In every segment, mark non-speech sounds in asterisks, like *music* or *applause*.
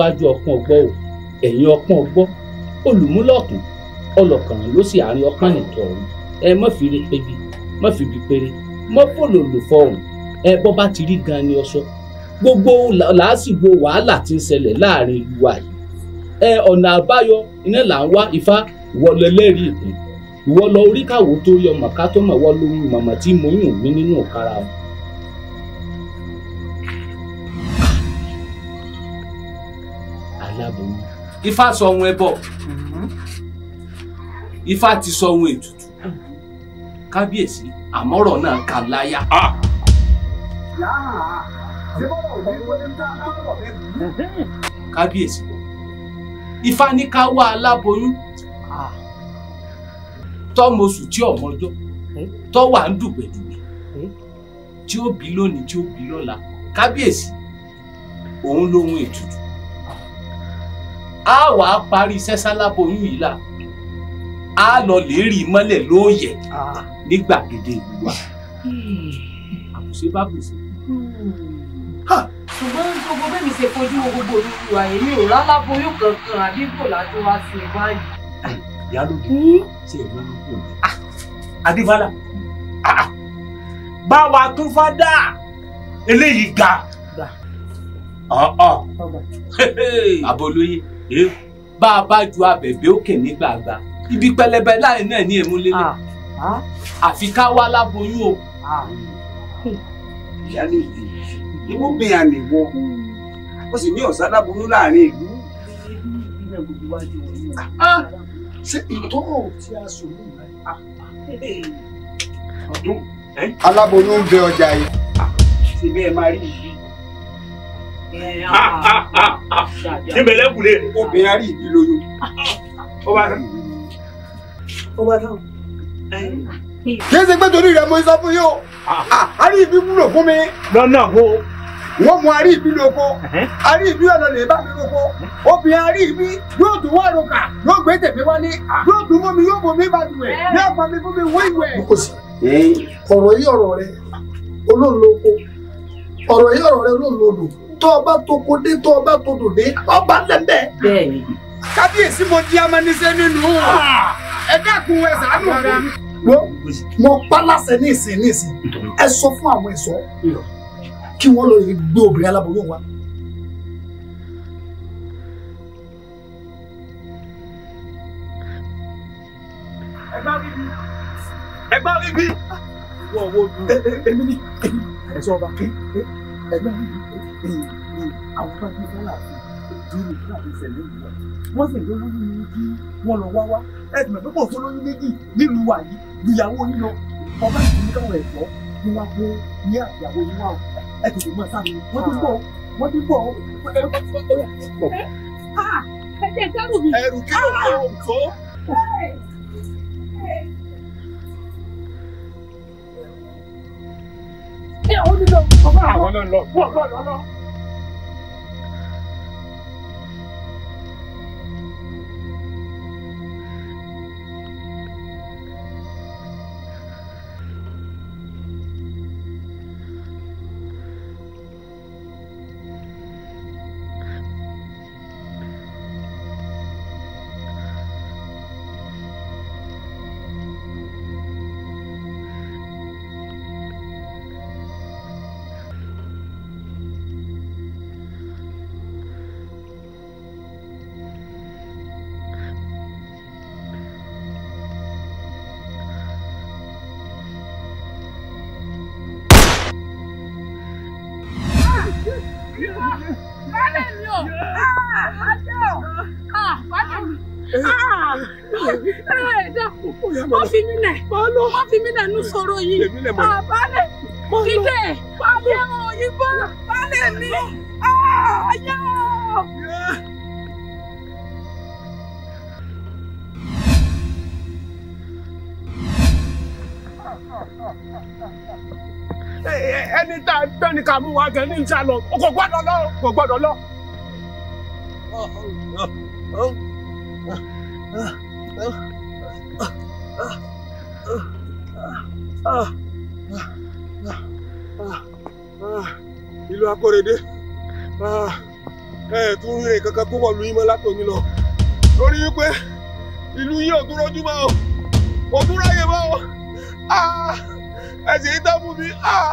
níwájú ọpọ́n ọgbọ o ọgbọ ọpọ́n ọgbọ olùmúlọ̀kùn ọlọ́kàn ló sì àárín ọkàn nìtọ̀ ọ̀run ẹ mọ́ fi rí pébi ẹ ti rí gan ni ọsọ gbogbo làásìgbò wàhálà ti ń láàrin ìlú wa yìí ẹ ọ̀nà àbáyọ iná là ń wá ifá yọ tó mọ̀ tí mo yùn ifá sọ ohun ẹbọ mm-hmm. ifá ti sọ ohun ètùtù kábíyèsí àmọ́rọ̀ náà kà láyà. Ah! kábíyèsí ifá ní ká wá aláboyún ah! tọ́mọ oṣù tí ọmọ ọjọ́ eh? tọ́wà ń dùgbẹ̀dùgbẹ̀ eh? tí ó bí lónìí tí ó bí lọ́la kábíyèsí òun lóhun ètùtù a wà á parí iṣẹ́ sálábò oyún yìí la a lọ lè rí mọ́lẹ̀ lóòyẹ̀ ah. ní gbàgede ìlú wa hmm. àbùsẹ bá bùsẹ. Hmm. ṣùgbọ́n gbogbo bẹ́ẹ̀ni ṣe fojú wo gbogbo olúwo àyèmí ò ráláboyún kankan àdígbò láti wá sí i báyìí. ìyálòdì ṣe ìlú kò ní. Ah, adébálà ah, bá wa tún fádà eléyìí ga. àbọ̀ olóyè bá a bá ju abẹ̀bẹ̀ òkè ní gbàgbà ibi pẹlẹbẹ láì náà ní èmú lélẹ̀ ah. ah. àfi ká wá láboyún o. Ah. ìyá ni ìwọ bẹ́ẹ̀ àná ìwọ ó sì ní ọ̀sán láboyún láàrin ìlú. ṣé ìtọ́rọ̀ tí a sọ ní ìlú. aláboyún ń bẹ ọjà yìí. ṣe bẹ́ẹ̀ máa rí ìlú níbẹ̀ lẹ́kùnlé obìnrin arí ìdí lóyún ó bá tán. ó bá tán. kí ẹ ṣe pé torí rẹ mo sọ fún yín o ah. arí ìbí wúlò fún mi. lọ́nà o. wọ́n mú arí ìbí lóko arí ìbí ọ̀nà lè bá mi lóko obìnrin arí ìbí yóò tún wá roka yóò gbé tèmi wálé ah. yóò tún mọ́ mi yóò bọ̀ mí balùwẹ̀ yóò pa mi fún mi wọ́ ìwẹ̀. ọ̀rọ̀ yìí ọ̀rọ̀ rẹ olóòlò oko ọ̀rọ̀ yìí ọ̀rọ̀ rẹ olóòlò olóòlò tọ́ ọba tó kó dé tọ́ ọba tó dò dé ọba lẹ́bẹ̀. bẹ́ẹ̀ni. kábíyèsí mo di amánisẹ́ nínú ẹ dákun ẹ ṣàánú ara mi. mo pa láṣẹ ní ìsìn ní ìsìn ẹ sọ fún àwọn ẹ̀ṣọ́ kí wọ́n lọ gbé obìnrin aláboyún wa. ẹgbà bíbí ẹgbà bíbí wọ́n wo dùn. èmi ni ẹ̀ṣọ́ ọba ẹgbà bíbí àwọn tó ń sọ́là sí dúró fún àfẹsẹ̀lẹ̀ ìlú wọ́n sì ló lóyún ní kí wọ́n lọ wá wá ẹ̀dùn pé kò tó lóyún méjì nílùú wa yìí ìyàwó yín lọ ọba ìdílé káwọn ẹ̀fọ́ ni wọ́n kó ní àyàwó yín wá ẹ tètè mọ sáré wọ́n ti bọ̀ wọ́n ti bọ̀ ẹ̀rù kí ló ń tó. àwọn náà lọ. mi lẹ́nu sọ̀rọ̀ yìí àbálẹ̀ dídé àbẹ̀ òyìnbó balẹ̀ mi ah, ayé o. ẹni tá a tọ́ ni ká mú wa gan ní ìsàlọ̀ kò gbọ́dọ̀ lọ kò gbọ́dọ̀ lọ. Akọ́rẹdé ah, ẹ tún rí nǹkan kan tó wọ̀ lóyún mọ́ látòní lọ lórí wípé ìlú yìí ò tún rọ́jú mọ́ o kò tún ráyè mọ́ o ẹ sì ń dá fún mi ah,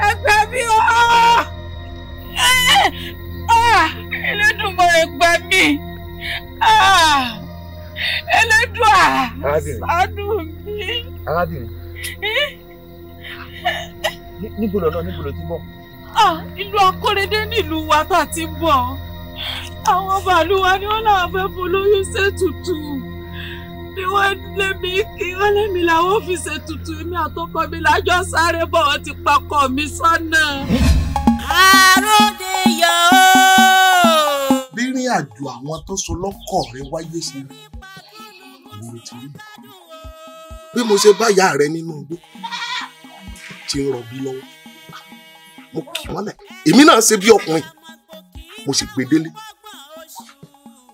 ẹ gbà mí o ah! Ah! Elédùmarè gbà mí ah! Elédùà ṣàánú mi. arábìnrin níbo lọ náà níbo ló ti bọ̀. ìlú akóredé nílùú wa tá a ti ń bọ̀ àwọn bàálù wa ni wọ́n làwọn fẹ́ polówó ṣètùtù ni wọ́n lé mi kí wọ́n lé mi làwọn fi ṣètùtù èmi àtọkọ mi lájọ sáré bọ̀ wọ́n ti pakọ mi sọ́nà. àròdé yọ ó. bírìn àjò àwọn tó so lọ́kọ̀ rẹ wáyé sí i mo ti rí bí mo ṣe bá ìyá rẹ nínú igbó ti ń rọbí lọ́wọ́ mo kì mọ́lẹ̀ èmi náà ṣe bí ọkùnrin mo sì gbé délé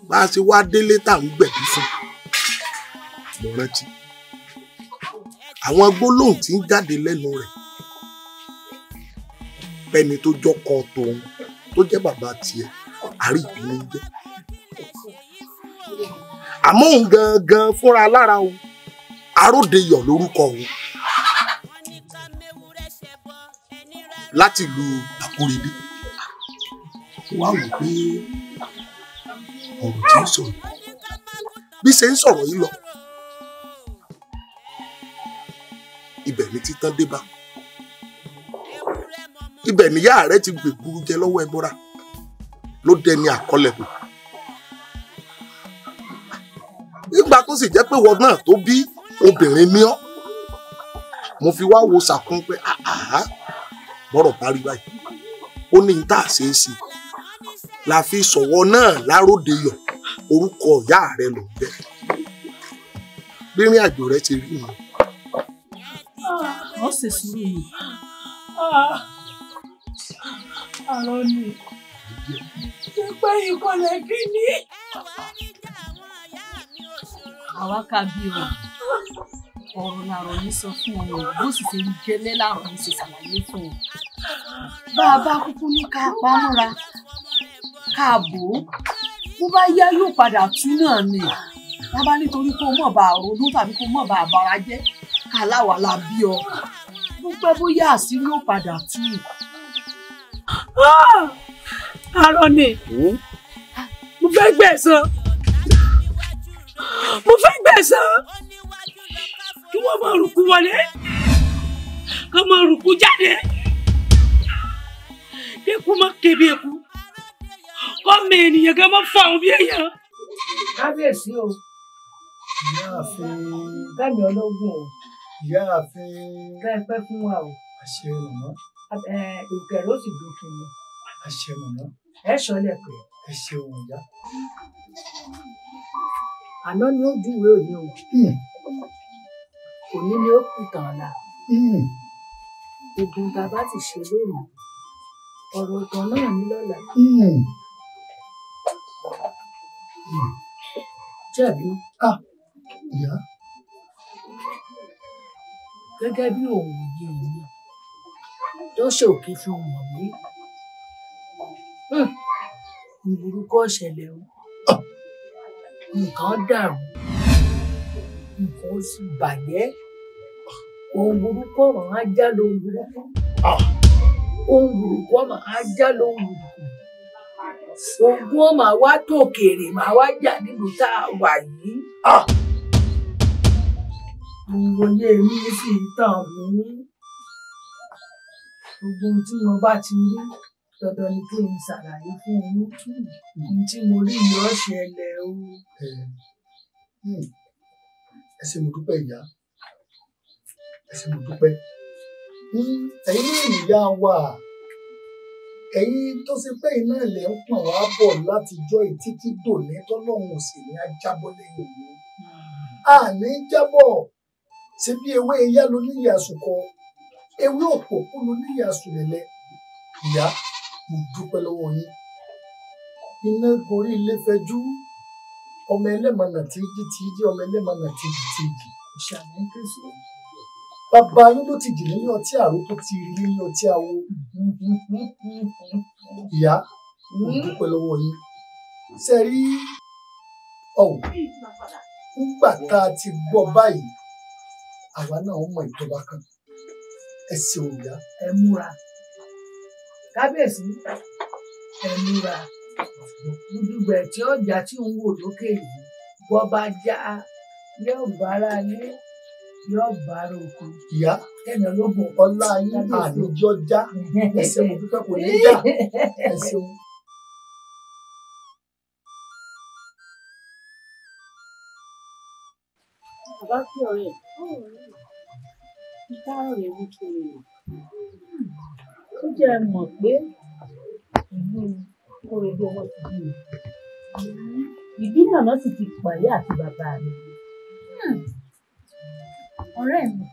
bá a ṣe wá délé tá à ń gbẹ̀bí fún un mo rántí àwọn gbólóhùn tí ń jáde lẹ́nu rẹ̀ bẹ́ni tó jọkọ tòun tó jẹ́ bàbá tiẹ̀ àríyìn ló ń jẹ́ àmọ́ òun gangan fúnra lára o aródeyọ̀ lórúkọ òun láti lu àkórèdé wá wò pé ọ̀rọ̀ tí ń sọ̀rọ̀ bí ṣe ń sọ̀rọ̀ yìí lọ ibẹ̀ ni títán dé bá ibẹ̀ níyà rẹ̀ ti gbègbúrú jẹ lọ́wọ́ ẹbọra ló dẹni àkọlẹ̀kù nígbà tó sì jẹ́ pé wọn náà tó bí obìnrin ní ọ́ mo fi wá wo sàkún pé bọ́rọ̀ parí báyìí ó ní tá a ṣe é sí la fi sọ̀wọ́ náà láròde yọ̀ orúkọ ìyá rẹ̀ ló ń bẹ rírìn àjò rẹ̀ ti rí nìyẹn ọ sì sùúrù mi. àrọ ni pípẹ́ ìkọlẹ̀ kí ni. àwa ká bí o ọ̀rọ̀ làrọ̀ yìí sọ fún ọ bó sì ṣe ń gẹ́lẹ́ làrọ̀ yìí ṣe ṣàlàyé fún ọ. bá a bá kúkú ní ká pamọ́ra ká bò ó bó bá yá yóò padà tú náà ni wọ́n nítorí kó mọ̀ bá ronú tàbí kó mọ̀ bá bàrà jẹ́ aláwa la bí ọ bó pẹ́ bóyá àṣírí ó padà tú. Ah! arọ ni mo fẹ́ gbẹ̀san mo fẹ́ gbẹ̀san kí wọ́n máa rùkú wọlé kí wọ́n máa rùkú jáde eku má kébé eku kọ́mọ ènìyàn kan má fa òun bí èèyàn. kábíyèsí o ìyá àfin dámì ológun o ìyá àfin. ká ẹ pẹ́ fún wa o. àṣẹ mọ̀mọ́. ìkẹ́ ló sì dùn kí ni. àṣẹ mọ̀mọ́. ẹ sọlẹ̀ pé. ẹ ṣeun ìyá. àná ni ó júwèé òní o. Hmm. òní ni ó kù tàn la. Hmm. ogun tá a bá ti ṣe lónìí ọ̀rọ̀ ọ̀tàn náà ní lọ́la. Hmm. jẹ̀bi. ah ìyá. Yeah gẹ́gẹ́ bí òòyì mi tó ṣòkè fi wọ̀n mí. Hmm, ìburúkú ọ̀ṣẹ̀lẹ̀ o nǹkan dàrú nǹkan ó bàjẹ́ ohun burúkú ọ̀rọ̀ á já lóhun burúkú ohun burúkú ọ̀rọ̀ á já lóhun burúkú ogun ọmọ wa tó kéré màá wá jà nílùú tá a wà yìí ìwòye mi sì tàn mí gbogbo tí mo bá ti rí dandan ni kí n ṣàlàyé fún un ohun tí mo rí yìí ọ̀ṣẹ̀ ẹlẹ̀ o. Hmm. ẹ ṣé mo dúpẹ́ ìyá ẹ ṣé mo dúpẹ́ hmm, ẹ̀yin ní ìyá wa ẹ̀yin tó ṣe pé iná ilẹ̀ ń pọ̀n wá bọ̀ látijọ́ ìtítí dòní tọ́lọ́run ò ní ajábọ́ lẹ́yìn mi hmm. àní jábọ̀ ṣe bí ewé ìyá ló ní ìyá àsùkọ ewé òpópó ló ní ìyá àsùlẹ̀lẹ̀ ìyá mo dúpẹ́ lọ́wọ́ yín iná gorí ilé fẹjú ọmọ ẹlẹ́mọ̀nà tíjì tíjì ọmọ ẹlẹ́mọ̀nà tíjì tíjì ìṣàlẹ̀ ń pèsè bàbá yín ló ti jì nínú ọtí àrò tó ti rí nínú ọtí àwo ìyá mo hmm? dúpẹ́ lọ́wọ́ yín ṣe rí ọ̀hún nígbà tá a ti gbọ́ báyìí àwa náà mọ ìjọba kan ẹ ṣeun ìyá. ẹ múra kábíyèsí ẹ múra gbùdùgbẹ̀ tí ó jà tí ń wò lókè yìí bọ́ bá já yóò bára yé yóò bára oko. ìyá ẹnà lógun ọlá yín àníjọ já ẹsẹ mo dúpẹ́ kò ní já ẹsẹ mo. bàbá kí ọ̀rẹ́ ẹ̀ dáre nítorí ó jẹ́ mọ̀ pé ìlú kórèdé wọn ti bí mi ìbí nàná sì ti pààyà àti bàbá mi. Hmm. ọ̀rẹ́ mi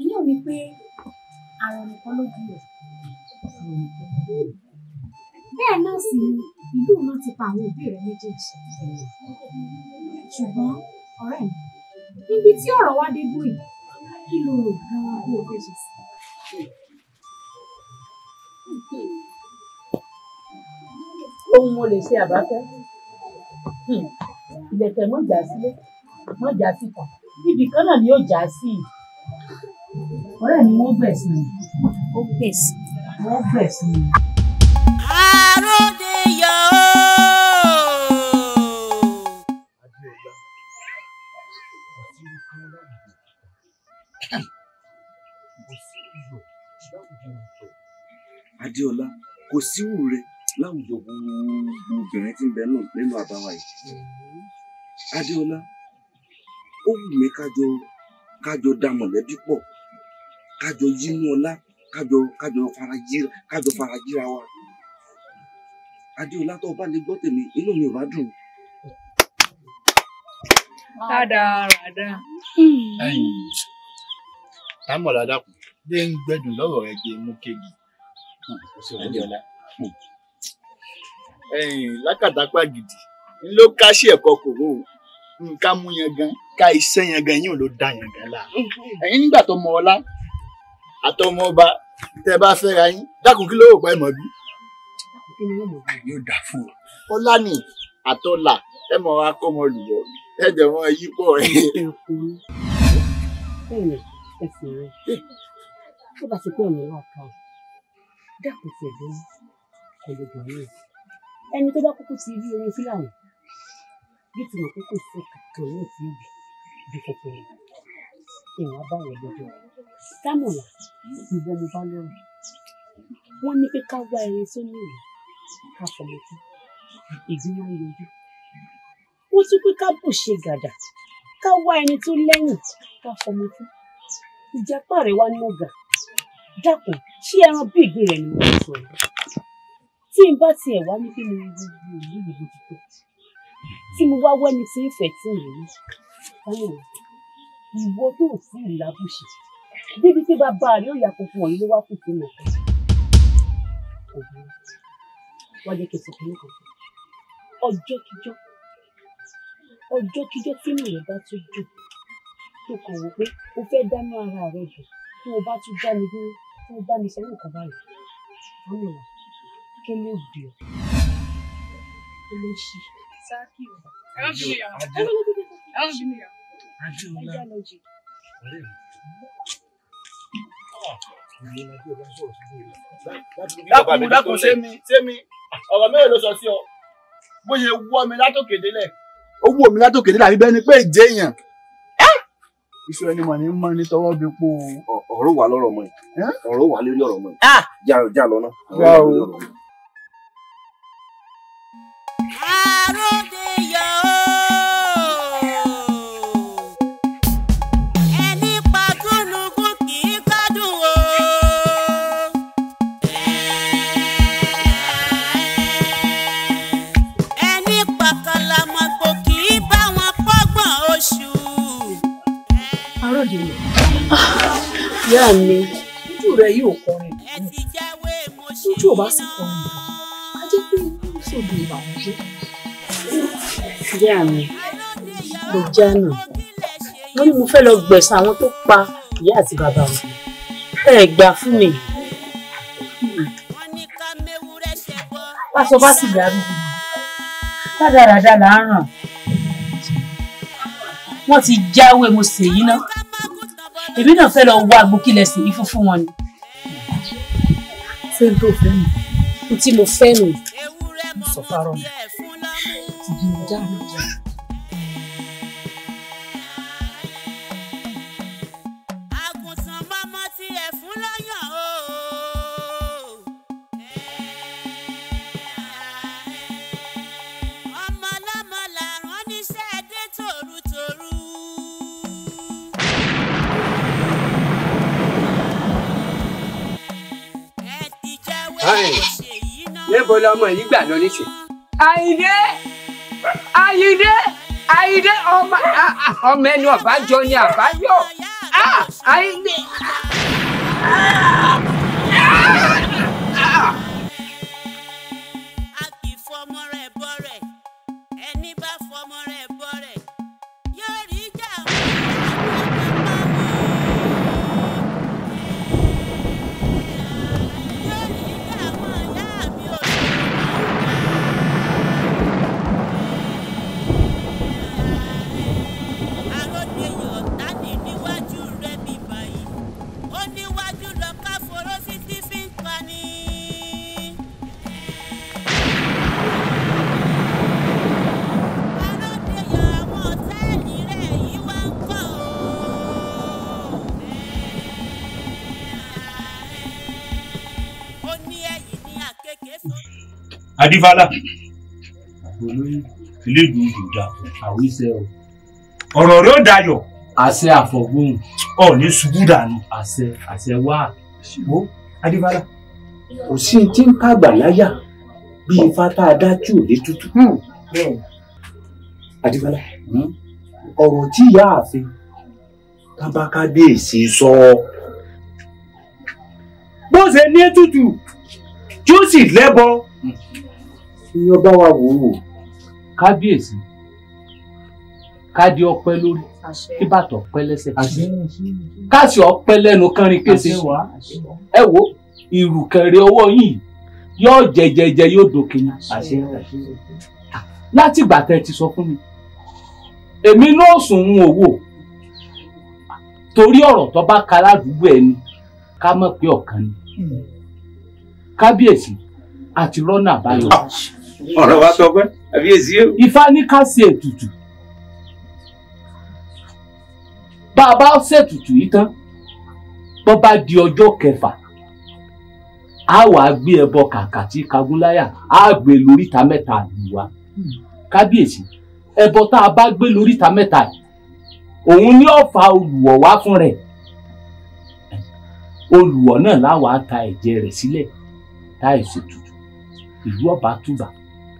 ìyẹn ò ní pé ara nìkan ló bí ẹ̀ bẹ́ẹ̀ náà sì ni ìlú náà ti pa àwọn òbí rẹ̀ méjèèjì ṣùgbọ́n ọ̀rẹ́ mi níbi tí ọ̀rọ̀ wá dé dúró kí ló rò rárá bí o fẹ́ ṣe sí. ohun mo lè ṣe àbáfẹ́ hmm. ìlẹ̀kẹ̀ mọ́ jà sílé mọ́ jà síta ibì kan náà ni yóò já sí i ọ̀rẹ́ mi wọ́n gbẹ̀sìn ó gbẹ̀sìn wọ́n gbẹ̀sìn. àròdé yọ. adéọlá kò síwù rẹ láwùjọ gbogbo obìnrin tí ń bẹ nínú àbáwá yìí adéọlá ó wù mí kájọ kájọ da mọ̀lẹ́bí pọ̀ kájọ yínú ọlá kájọ kájọ farajira kájọ farajira wa adéọlá tó o bá lè gbọ́ tèmi inú mi ò bá dùn. rádaràdà. ẹyin támọ̀lá dàkún dé ń gbẹ́dùn lọ́rọ̀ rẹ̀ kí mú kéèkì adéọlá hmm, hmm. lákàtàpá gidi ló hmm, ká sí ẹ̀kọ́ kòró nǹkan mú yan gan ká iṣẹ́ yan gan yín ló da yan gan la ẹ̀yin nígbà tó mọ ọlá àtọmọ ọba tẹ́ bá fẹ́ra yín dákun kí ló rò pé ẹ mọ̀ bí. kí ni yóò mọ̀ bí yóò dà fún ọ. ọlá ni àtọlà ẹ mọ wa mọ lùwọ̀ ẹ jẹ mọ yí pọ̀ ẹ. ẹkùnrin ẹsìn rẹ tó bá ti pẹ́ mi náà kàn dàpọ̀ pẹ̀lú ọ̀dọ̀dọ̀rẹ́ ẹni tó bá kúkú ti rí orin fúlàní yóò ti mọ̀ pé kò sí kankan yóò ti rí bí kòkòrò ìwà báwo lọ́dọ̀ dámọ̀lá ìwọ ni, bá lọ́rùn wọ́n ní pé ká wá ẹrin tó ní ìwé ká fọmọtí ìdíwọ́ yọjú wọ́n tún pé ká bù ṣe gàdà ká wá ẹni tó lẹ́yìn ká fọmọtí ìjàpá rẹ̀ wá ní ọ̀gá dákun ṣé ẹran bí ìgbín rẹ ni mo sọ ẹ tí n bá tiẹ̀ wá ní kí ni gbogbo ìlú ìlú tó tí mo wá wẹ́ni tí ń fẹ́ tí mi rí báyọ̀ ìwọ tó ò sí ìlàbùṣe débi tí bàbá rẹ ó yàgò fún ọyìn ló wá kù sí mọ ọgbọn wọn jẹ kẹsàn án kan ọjọ́ kíjọ́ ọjọ́ kíjọ́ tí mi rẹ bá tún jù tó kàn wọ pé o fẹ́ dáná ara rẹ jù tí o bá tún dá mi dúró tó bá lè báyìí wọn lè wà kí ló dé ọ kí ló ṣe. Adéọlá ọ̀rẹ́ mi. Ah. Dákun dákun sẹ́mi sẹ́mi ọ̀rọ̀ mẹ́rin ló sọ sí ọ bó ṣe wọ́ mi látòkè délẹ̀. Ó mi látòkè délẹ̀ àbí bẹ́ẹ̀ ni pé ìjẹ́ èèyàn iṣu ẹni mà ní mọ ní tọwọ́ bí po. ọ̀rọ̀ wà lọ́rọ̀ ọmọ yìí ọ̀rọ̀ wà lórí ọ̀rọ̀ ọmọ yìí já lọ náà. kọrin ìlú tí ò bá sì kọrin ìlú á jẹ́ pé ìlú sì di ìbànújẹ́. ìyá mi mo já nù wọ́n ní mo fẹ́ lọ gbẹ̀san àwọn tó pa ìyá àti bàbá mi ẹ gbà fún mi. Aṣọ bá sì dàrú rádaràdà là ń ràn wọ́n ti jáwé mo ṣèyí ná èmi náà fẹ́ lọ wá agbókílẹ̀ ṣèyí fún fún wọn ni ṣé n tó fẹ́ mi n tí mo fẹ́ mi sọ fárọ́ mi ti di mo dáhùn níbo lọmọ yìí gbà lọ níṣẹ́. àyìndé àyìndé àyìndé ọmọ ọmọ ẹni ọbàjọ ni àbájọ àyìndé. Ah, adífálà eléyìí ò dùn dà. àwíṣẹ o. ọ̀rọ̀ rẹ̀ ó dayọ̀. àṣẹ àfọ̀gbọ́n. ọ̀ọ́ni ṣubú dànù. àṣẹ àṣẹ wá. wo adífálà kò sí ti ń kàgbà láyà bí ifá tá a dá tí ò lè tutù. Hmm. adífálà hmm. ọ̀rọ̀ tí ìyá àfin kábákábíyèsí sọ bó ṣe ní ètùtù tí ó sì lẹ́bọ hmm ni ọba wa wò ó kábíyèsí kádi ọpẹ́ lórí kíbàtọ pẹ́ lẹ́sẹ̀ káàsì ọpẹ́ lẹ́nu kánrin kése ẹ wo ìrùkẹ̀rẹ̀ ọwọ́ yìí yóò jẹjẹjẹ yóò dòkè ní àṣẹ láti ìgbà tẹ́ ti sọ fún mi èmi náà sùn ń owó torí ọ̀rọ̀ tó bá ka ládùúgbò ẹni ká mọ̀ pé ọ̀kan ni hmm. kábíyèsí àti rọ́nà àbáyọ ọ̀rọ̀ wa tọpẹ́ àbíyèsí o. ifá ní ká ṣe ètùtù bá a bá ṣètùtù yìí tán bó bá di ọjọ́ kẹfà a wà á gbé ẹbọ kàkà tí kagúnláyà á gbé e lóríta mẹ́ta ìlú wa kábíyèsí ẹbọ tá a bá gbé lóríta mẹ́ta yìí òun ní ọ̀fà olùwọ̀ wá fún rẹ̀ olùwọ̀ náà láwàá ta ẹ̀jẹ̀ rẹ̀ sílẹ̀ tá ṣètùtù ìlú ọba túbà.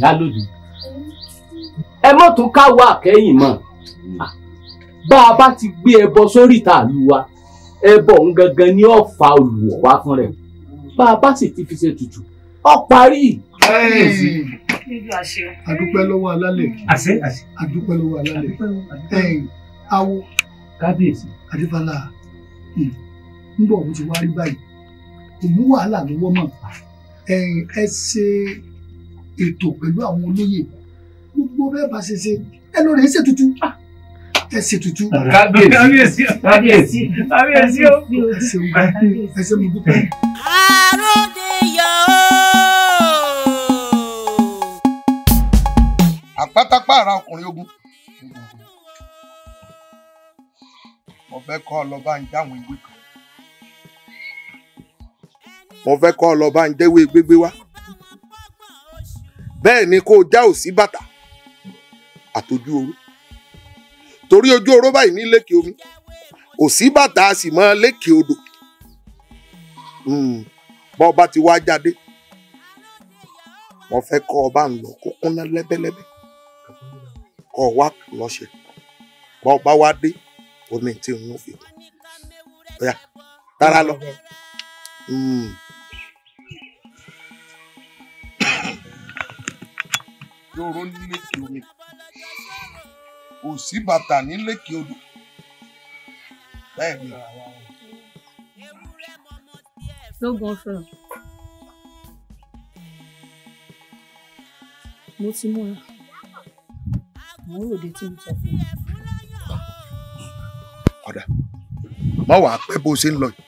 lálódì ẹ mọ̀ tún káwọ àkẹ́yìn mọ́ bá a bá ti gbé ẹbọ sórí ìta ìlú wa ẹbọ òun gangan ni ó fa olùwọ̀ wá fún rẹ̀ bá a bá sì ti fi ṣe tutù ó parí. káyọ̀sí adúpẹ́ lọ́wọ́ alálẹ̀ adúpẹ́ lọ́wọ́ alálẹ̀ awo kábíyèsí adébálà ńgbọ̀ òun ti wá rí báyìí òun wàhálà lọ́wọ́ mọ̀ ẹ ṣe ètò pẹ̀lú àwọn olóyè gbogbo bẹ́ẹ̀ bá ṣe ṣe ẹ lọ rèé ṣètùtù ah, ẹ ṣètùtù. kábíyèsí kábíyèsí kábíyèsí ó ẹ ṣe mo dúpẹ́. àròdé àpátápá ara ọkùnrin ogun mo fẹ́ kọ́ ọ lọ bá ń dáhùn ìwé kan mo fẹ́ kọ́ ọ lọ bá ń jẹ́wé gbégbé wá bẹ́ẹ̀ ni kó o já òsì bàtà àtòjú oró torí ojú oró báyìí ní lékè omi òsì bàtà a sì máa lékè odò hmm, bọ́ ọba ti wá jáde wọ́n fẹ́ kọ́ ọba ń lọ kó kúnná lẹ́bẹ́lẹ́bẹ́ kọ́ ọ lọ́ṣẹ̀ bọ́ ọba wá dé omi tí ń fi tara lọ. Mm. lóró nílékè omi kò sí bàtà nílékè odò bẹ́ẹ̀ ni. lóògùn ọ̀fẹ́ mo ti múra mo ń ròde tí mo sọ fún mi. ọ̀dà má wàá pẹ́ bó ṣe ń lọ yìí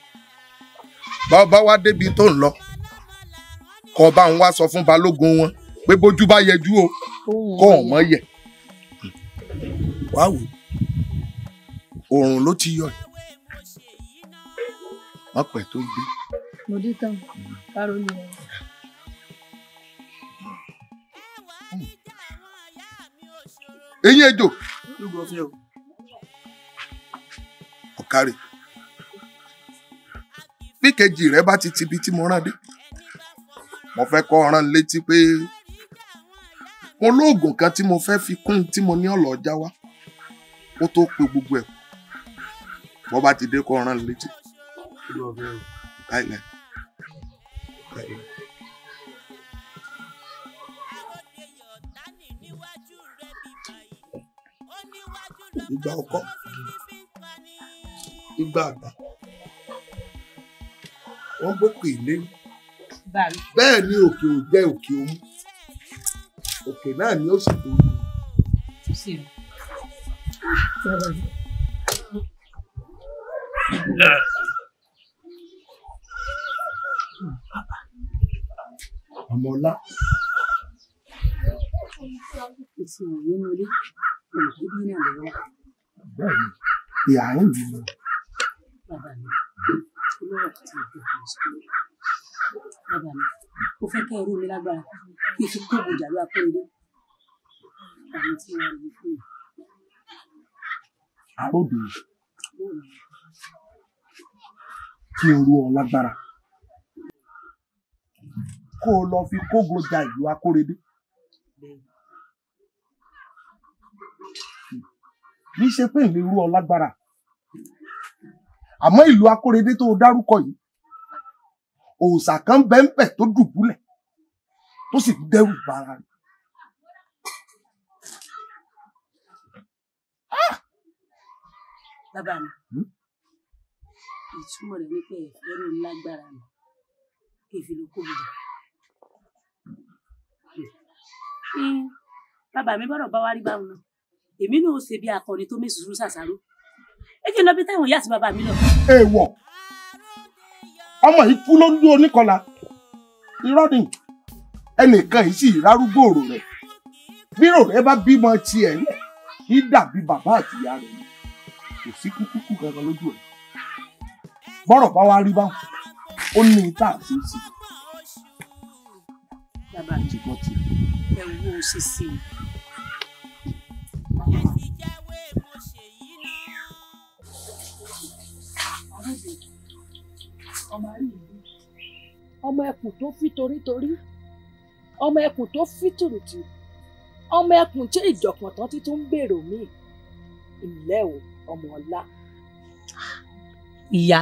bá ọba wá débi tó ń lọ kọ́ ọba ń wá sọ fún balógun wọn pé bójú bá yẹjú o kó o mọ yẹ. wàá wò oòrùn ló ti yọ ẹ wọn pẹ tó gbé. mo dé tán káró ni wọn. eyín ejò. ọ̀kárẹ̀ bí kejì rẹ bá ti ti ibi tí mo rán dé mo fẹ́ kọ́ ọ̀ràn létí pé. Pe mo lóògùn kan tí mo fẹ́ fi kún tí mo ní ọ̀lọ́ já wá ó tó pe gbogbo ẹ̀ bọ́ bá ti dé kó rán létí. káìlẹ̀ káìlẹ̀. ìgbà ọkọ ìgbà àgbà wọn gbókè ilé bẹ́ẹ̀ ni òkè ò jẹ òkè òmu òkè náà ni ó sì kó o. ọmọ ọlá ìyàwó mi lọ. Bàbá mi, olóòtú ti ìgbà mi. Bàbá fẹ́ kẹ́ ẹrú mi lágbára kí n fi kó gbòjà ló apó àwọn tí wọn lè fún mi. àròdù tí orú ọ lágbára kó o lọ fi kó gbòjà ìlú akóredé. kì í ṣe pé ìlú irú ọ lágbára àmọ́ ìlú akóredé tó o dárúkọ yìí òòṣà kan bẹ́ńpẹ̀ tó dùbúlẹ̀ tó sì ń dẹ́rù bara rẹ̀. bàbá mi hmm? ìtumọ̀ rẹ̀ ni pé ẹ̀fẹ́rù lágbára mi kí èfi ló kó mi jù. Hmm. Hmm. bàbá mi bọ́dọ̀ bá wá rí báwọn náà èmi náà ó ṣe bí akọni tó mí sùúrù ṣàṣàrò ẹ kí n lọ bí táwọn ìyá àti bàbá mi lọ. èèwọ̀ ọmọ yìí kú ló ń dún oníkọlà irọ́ ẹnìkan yìí sì rárúgbó òrò rẹ̀ bírò rẹ̀ bá bímọ tiẹ̀ lẹ̀ kí dàbí bàbá àtìyá rẹ̀ ni kò sí kúkúkú kankan lójú ẹ̀ bọ́rọ̀ bá wá rí báwọn ó ní tá à ṣe é sí. bàbá mi ẹ wo òṣìṣẹ́ ọmọ ẹkùn tó fi torítorí ọmọ ẹkùn tó fìtùrùtù ọmọ ẹkùn tí ìjọ̀kan tán ti tún ń bèrò mí ìlẹ́ o ọmọ ọlá. ìyá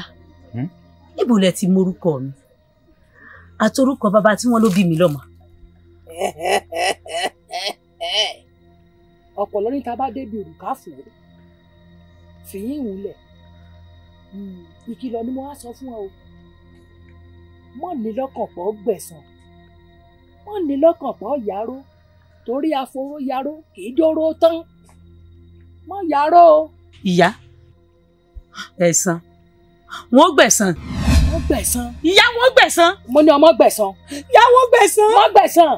hmm? níbo lẹ ti morúkọ mi àtorúkọ bàbá tí wọ́n ló bí mi lọ́mọ. *laughs* ọ̀pọ̀ lórí ta bá débi òrùka fún ọ fìyín ìwúlẹ̀ hmm, ìkìlọ̀ ni mo wá sọ fún ọ o mọ̀ ní lọ́kàn gbẹ̀sán wọ́n ní lọ́kàn pọ̀ yàrá torí aforo yàrá kì í jóró tán mọ́ yàrá o. ìyá ẹ̀san wọ́n gbẹ̀san. wọ́n gbẹ̀san. ìyá wọ́n gbẹ̀san. mo ní ọmọ gbẹ̀san. ìyá wọ́n gbẹ̀san. wọ́n gbẹ̀san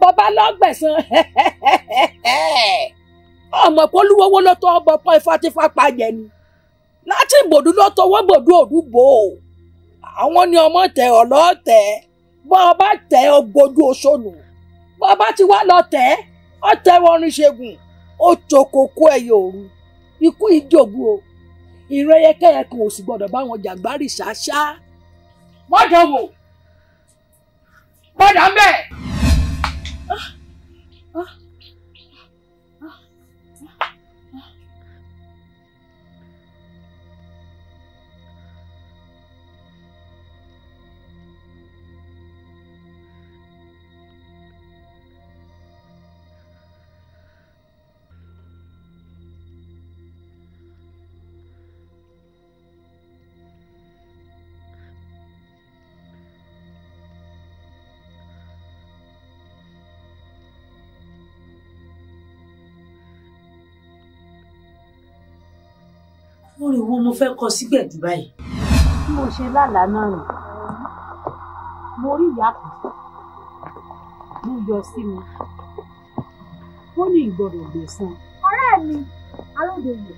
bàbá lọ gbẹ̀san *laughs* ọmọ polúwọ́wọ́ ló tọ́ ọmọ pọ́n ifátífá pàjẹ́ ni láti gbòdú ló tọwọ́ gbòdú òdúgbò àwọn ni ọmọ tẹ ọlọ́ọ̀tẹ̀ bọ́ ọ bá tẹ ọ gbójú oṣoònù bọ́ ọ bá ti wá lọ tẹ ọ tẹ wọrin ṣègùn ó tokoko ẹyẹ òru ikú ìjòbù o ìrẹyẹkẹyẹ kan ò sì gbọ́dọ̀ bá wọn jàgbárì ṣáṣá. mọ́jọ wò padà ń bẹ̀. Ah, ah. wo mo fẹ́ kọ síbẹ̀ jù báyìí. bí mo ṣe lálàá náà rẹ̀ mo rí ìyá kan ló yọ sí mi ó ní ìgbọ̀dọ̀ gbẹ̀san. ọ̀rẹ́ mi alódòyè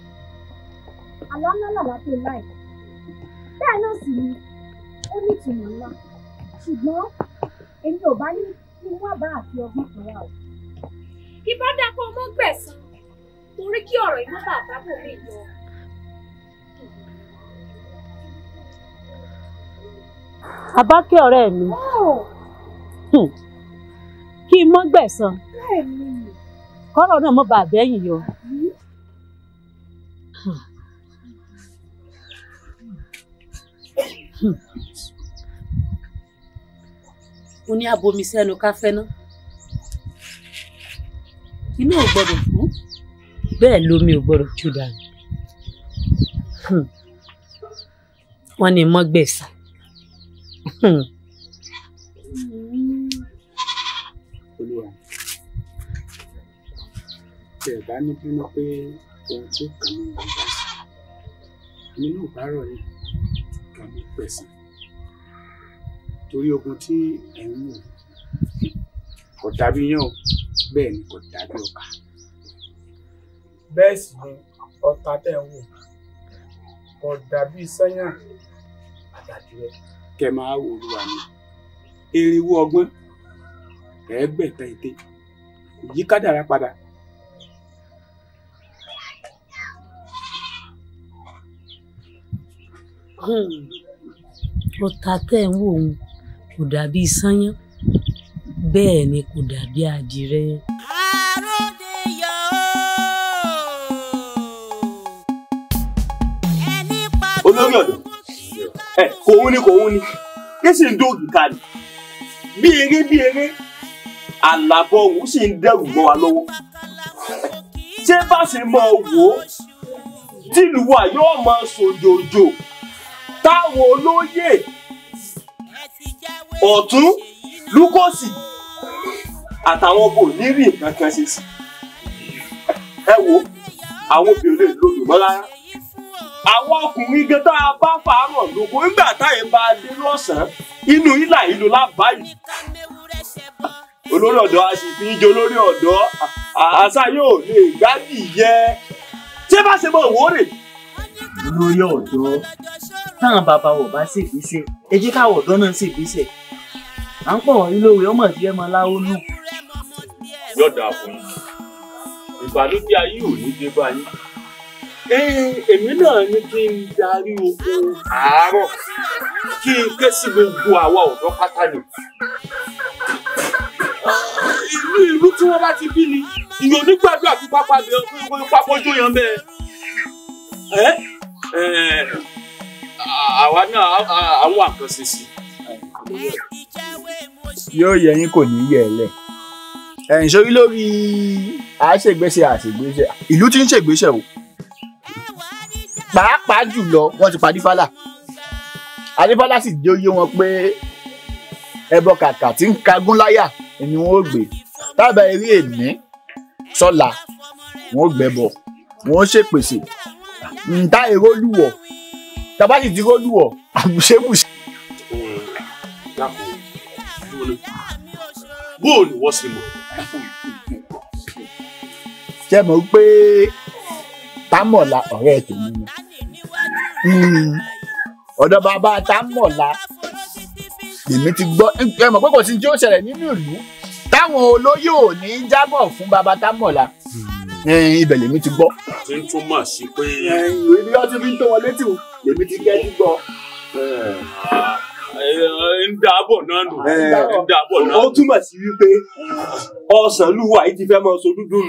àlọ́ ńlá làlá tó láì bẹ́ẹ̀ náà sì ni ó ní ìtumọ̀ ńlá ṣùgbọ́n èmi ò bá ní kí wọ́n bá àfi ọgbọ́n kan wá o. ìbá dàpọ̀ mọ́ gbẹ̀san torí kí ọ̀rọ̀ ìmọ̀ bàbá bò mí Abákẹ́ ọ̀rẹ́ mi hmm. kí n mọ́ gbẹ̀san kọ́rọ̀ náà mọ́ bàa bẹ́yìn yọ. Mm-hmm. mo ní abomi sẹ́nu káfẹ́ ná inú ò gbọ́dọ̀ fún bẹ́ẹ̀ lómi ò gbọ́dọ̀ tú dànù hmm. wọ́n ní mọ́ gbẹ̀san olúwa tí ẹ bá ní bínú pé ohun tó kà mí ló bá sí nínú ìbárọ̀ yìí kà mí pẹ̀sán torí ogun tí ẹ ń wò kò dàbí yàn bẹ́ẹ̀ ni kò dàbí ọkà. bẹ́ẹ̀ sì ni ọta tẹ̀ ń wò kò dàbí sẹ́yìn àdàdúrẹ́ kẹ máa wò olúwa mi irinwó ọgbọ́n ẹ̀ẹ́gbẹ̀ta ète kò yí kádàrá padà. Hmm. ọ̀tá tẹ̀ ń wò ó kò dàbí sányán bẹ́ẹ̀ ni kò dàbí àdìrẹ. olórí ọ̀dọ́ ẹ eh, kòun ni kòun ni kí sì ń dóògì kalẹ̀ bí eré bí eré àlàbọ̀ òun sì ń dẹrù mọ́ wa lọ́wọ́ ṣé bá ṣe máa wò ó tìlú wa yóò máa ṣòjòjò táwọn olóyè ọ̀tún lúkọ́sì àtàwọn kò ní rí ṣe sí ẹ wo àwọn obìnrin lè lòdù mọ́ rárá àwọn ọkùnrin gan tá a bá fàárọ̀ lóko nígbà táyé bá a dé lọ́sàn-án inú ìlà ìlú lábàáyé olórí ọ̀dọ́ a sì fi ń jẹ olórí ọ̀dọ́ àṣà yóò lè gbádìí yẹ ṣé bá ṣe mọ ìwórè. olórí ọ̀dọ́ táwọn bàbá wò bá sì gbèsè ẹ jẹ́ káwọ̀ ọ̀dọ́ náà sì gbèsè à ń pọ̀ ilé ọmọ ìdí ẹmọ láwó nù. yọ̀dà fún yín ìbàlódé ayé ò ní dé báyìí èmi náà ní kí n darí oko àárọ̀ kí n ké sí gbogbo àwa ọ̀dọ́ pátá ni. ìlú ìlú tí wọ́n bá ti bí ni ìyọ̀ nígbàdúrà tó pápá bẹ̀rẹ̀ fún pápójú yan bẹ́ẹ̀. ẹ ẹ àwa náà àwọn àkànṣe sí i. yóò yẹ yín kò ní yẹ ẹ lẹ ẹ̀yìn sórí lórí àṣègbèsè àṣègbèsè ìlú tí ń ṣègbèsè o pàápàá jùlọ wọ́n ti pa adífálà adífálà sì jẹ́ oyé wọn pé ẹbọ kàkà tí ń kagún láyà ni wọn ó gbé tábà eré èní sọlá wọn ó gbẹbọ wọn ó ṣèpèsè nta èrò lùwọ tábà sì ti ró lùwọ àbùṣebùṣe. bóòlù wọ́n ṣe mọ̀. jẹ́ mọ̀ pé támọ̀lá ọ̀rẹ́ tèmi ni hmm. ọ̀dọ̀ bàbá támọ̀lá lèmi ti gbọ́ ẹ mọ̀ pé kò sí tí ó ṣẹlẹ̀ nínú ìlú táwọn olóyè ò ní jábọ̀ fún bàbá támọ̀lá hmm. eh, ibẹ̀ lèmi ti gbọ́. ti ń túmọ̀ sí pé. ìwé eh, ni wọ́n ti fi ń tó wọn létí o lèmi ti gẹ́ gbígbọ́. ń dábọ̀ náà eh, dúdú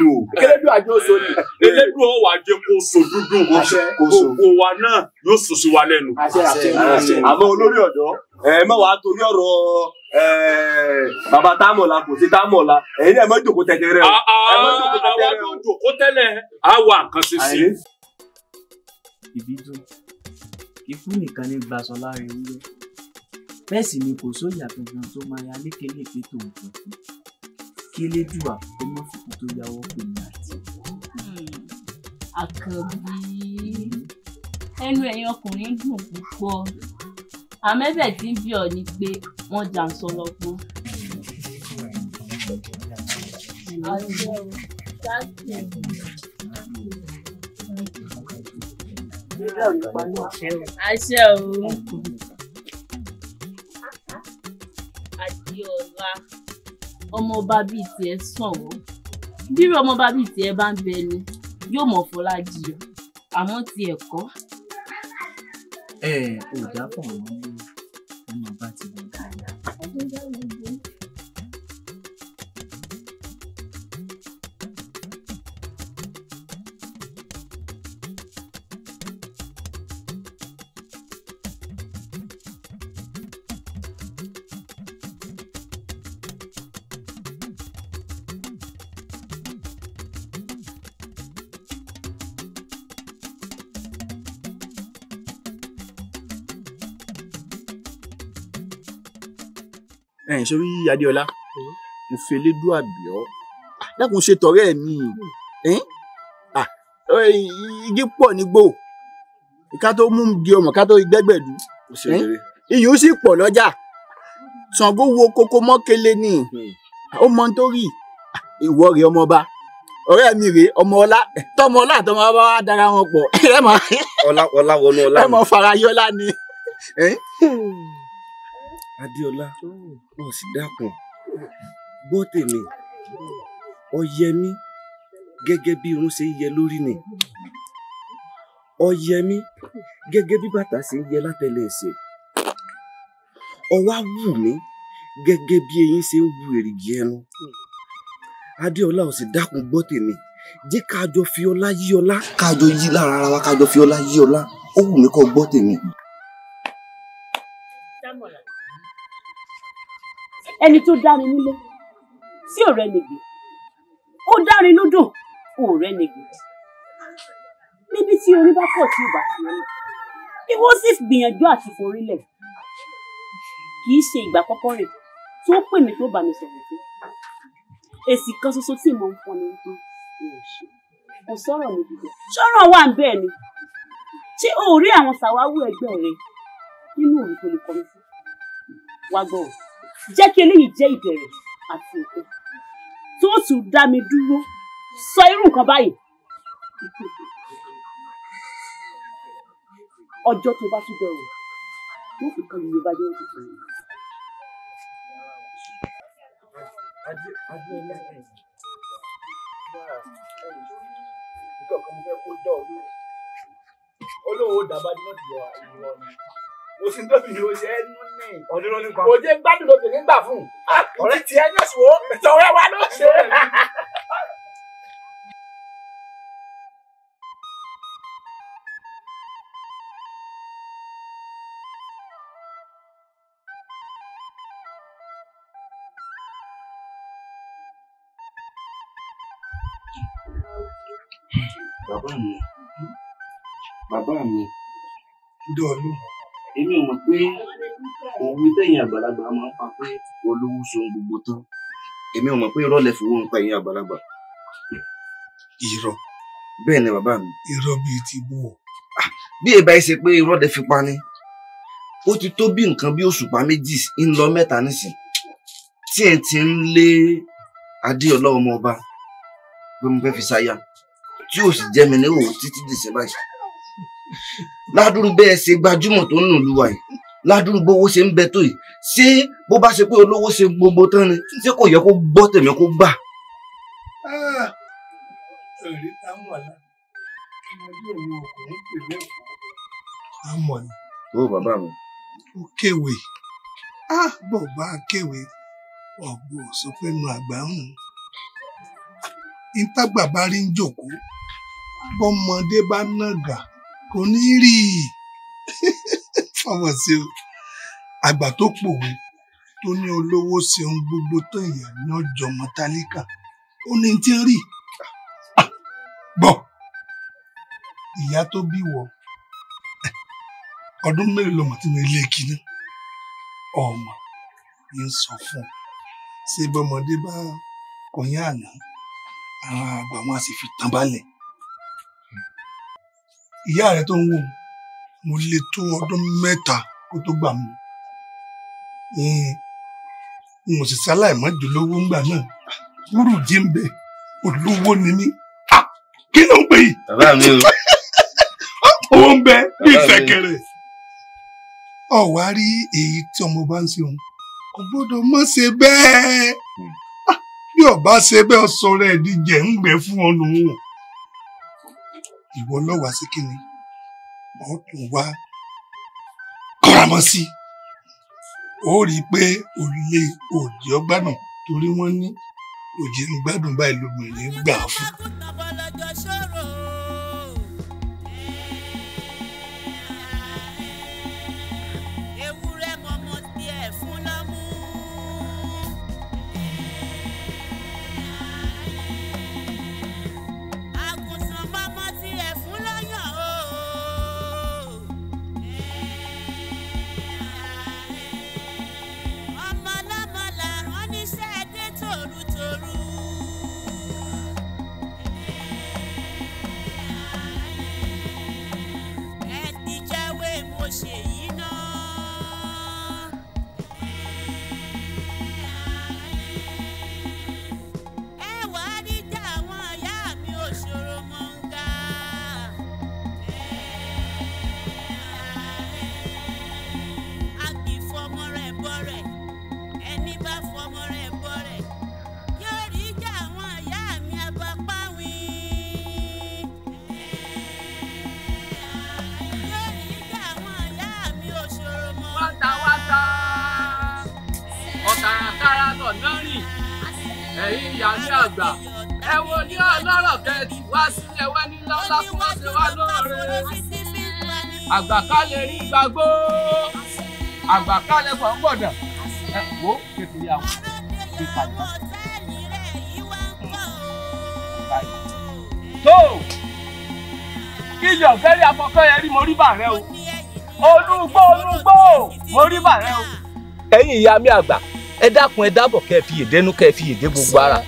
o. elédùn àjọ so ni. ọwọ́ eh, dúdú gbogbo wa náà yóò wa lẹ́nu. àmọ́ olórí ọ̀dọ́ ẹ mẹ́wàá torí ọ̀rọ̀ bàbá kò sí ẹ̀yin ẹ mọ́ jòkó o. Ah, ah, àwọn jòkó tẹ́lẹ̀ á wà ìbí dùn ikú nìkan ní bẹ́ẹ̀ sì ni kò sóyà gangan tó máa ya lékeléke tó nǹkan fún kí elédùà kó má fòkú tó yáwó pè ní àti. Hmm, àkàbí ẹnu ẹ̀yin ọkùnrin dùn púpọ̀ àmẹ́bẹ̀ tí ń bí ọ ni pé wọ́n jà ń sọ lọ́gbọ́n. àṣẹ o. adéọlá ọmọọba bíi tiẹ̀ sanwó bírú ọmọọba bíi tiẹ̀ bá ń bẹ ni yóò mọ̀ fọlá jiyàn àmọ́ ti ẹ̀kọ́. ẹ ò dá fún ọmọ ọmọ ọba ẹ̀yìn sórí adéọlá hmm. mo fi elédùn àbíọ́ ah, dákun ṣe tọ̀rẹ́ mi hmm. ah, igi pọ̀ nígbò ká tó mú di ọmọ ká tó gbẹ́gbẹ̀dú iyùn sì pọ̀ lọ́jà Ṣàngó wo kókó mọ́kele ni hmm. ó mọ tó rí ah, ìwọ rẹ ọmọọba ọ̀rẹ́ mi rèé ọmọ ọlá tọmọ ọlá àtọmọ ọba wa dára wọn pọ̀ *laughs* ẹ mọ ọlá wọnú ọlá ẹ mọ farayọlá ni. Adiola, hmm. wọn sì dákun gbọ́ tèmi ọyẹmí gẹ́gẹ́ bí irun ṣe ń yẹ lórí ni ọyẹmí gẹ́gẹ́ bí bàtà ṣe ń yẹ látẹlẹ ẹsẹ̀ ọwá wù mí gẹ́gẹ́ bí eyín ṣe ń wu èrìgì ẹnu Adéọlá ò sì dákun gbọ́ tèmi jẹ́ kájọ fi ọlá yí ọlá kájọ yí lára wa kájọ fi ọlá yí ọlá ó wù mí kó gbọ́ tèmi. ẹni tó dáni nílé tí ò rẹ́nìgbè ó dáni lódò ò rẹ́nìgbè níbi tí orí bá pọ̀ tí ò bá fi rí ìwọ sì gbìyànjú àti forílẹ̀ kì í ṣe ìgbà kọ́kọ́ rẹ̀ tó pè mí tó bá mi sọ̀rọ̀ pé èsì kan ṣoṣo tí mo ń fọn ni wípé kò sọ̀rọ̀ mi dìbò sọ̀rọ̀ wà ń bẹ́ẹ̀ ni ṣé o rí àwọn sàwáwú ẹgbẹ́ rẹ nínú òrùkọ lè kọ́ mi sí wá gbọ́ ọ̀ jẹ́ kí eléyìí jẹ́ ìbẹ̀rẹ̀ àti òkú tó tún dá mi dúró sọ irú nǹkan báyìí ọjọ́ tó bá tún bẹ̀rù wọ́n fi kan ìyẹn bájọ́ tó tẹ̀lé. olówó dàbá ní ọ̀dọ̀ àìyíwọ́ ni òsì tóbi ni o ṣe é nú ní. ọdún ló ní pa. òjé gbádùn lóbìnrin gbà fún. Ah, ah, ọ̀rẹ́ tiẹ̀ ní oṣù wo tọ̀wẹ́ wa ló ṣe. bàbá mi bàbá mi dọ̀ọ́ èmi ò mọ̀ pé òun tẹ̀yìn àgbàlagbà máa ń pa pé olówó so gbogbo tán èmi ò mọ̀ pé irọ́ lẹ fi wọ́n ń pa ẹ̀yìn àgbàlagbà. irọ́. bẹ́ẹ̀ ni bàbá mi. irọ́ bíi ti bú o bí èbá ẹ ṣe pé irọ́ lẹ fi pa ni ó ti tó bí nǹkan bí òṣùpá méjì ń lọ mẹ́ta nísìn tí ẹ ti ń lé adéọlá ọmọ ọba pé mo fẹ́ fi ṣaya tí ò sì jẹ́ mi ní òwò títí dìṣẹ́ báyìí ládùúrú bẹ́ẹ̀ ṣe gbajúmọ̀ tó ń nù lùwà yìí ládùúrú bówó ṣe ń bẹ tó yìí ṣé bó bá ṣe pé olówó ṣe gbogbo tán ni ṣé kò yẹ kó gbọ́ tẹ̀mí kó gbà. àmọ́ ah, ni. ó bàbá mi. ó kéwèé ah, bọ̀ bá kéwèé ọ̀gbọ́n sọ pé nu àgbà ń hùn ìtagbà bá rí ń jòkó bọ́mọdé bá nàgà kò ní rí i *laughs* fọwọ́ sí o àgbà tó pòwe tó ní olówó ṣeun gbogbo tó èèyàn ní ọjọ́ mọ́tálíkà ó ní tí ń rí bọ̀ ìyá tó bí wọ ọdún mélòó lọmọ tí mo lé kí ọmọ ní ń sọ fún ṣé bọ́mọdé bá kọyán àná àwọn àgbà wọn á sì fi tàn balẹ̀ ìyá rẹ tó ń wò mo lè tó ọdún mẹ́ta kó tó gbà mú mo sì sáláì mọ́ jòlówó ńgbà náà kúrú jí ń bẹ olówó ni mí kí ló ń pè yìí. bàbá mi o. owó *laughs* ń bẹ bí ìfẹkẹrẹ. ọ wá rí èyí tí ọmọ bá ń ṣe òun kò gbọ́dọ̀ mọ ṣe bẹ́ẹ̀ hmm. bí ọba ṣe bẹ́ẹ̀ sọ̀rọ̀ ẹ di ń gbẹ fún ọ nù ìwọ lọ́wọ́ sí kíni wọ́n tún wá karamọ́ sí ó rí i pé òrìlé òdì ọgbà náà torí wọ́n ní òjì ń gbádùn báyìí lóbìnrin gbà fún àgbàkalẹ̀ rí gbàgbó àgbàkalẹ̀ fọ̀ ń gbọ̀dọ̀ ẹ wo kékeré àwọn ti pàdé. Hmm, tó kíjọ fẹ́rẹ́ afọ́fẹ́ yẹn rí mo rí bàrẹ́ o olúgbó olúgbó mo rí bàrẹ́ o. ẹ̀yin ìyá mi àgbà ẹ dákun ẹ dábọ̀ kẹ́ ẹ fi èdénú kẹ́ ẹ fi èdé gbogbo ara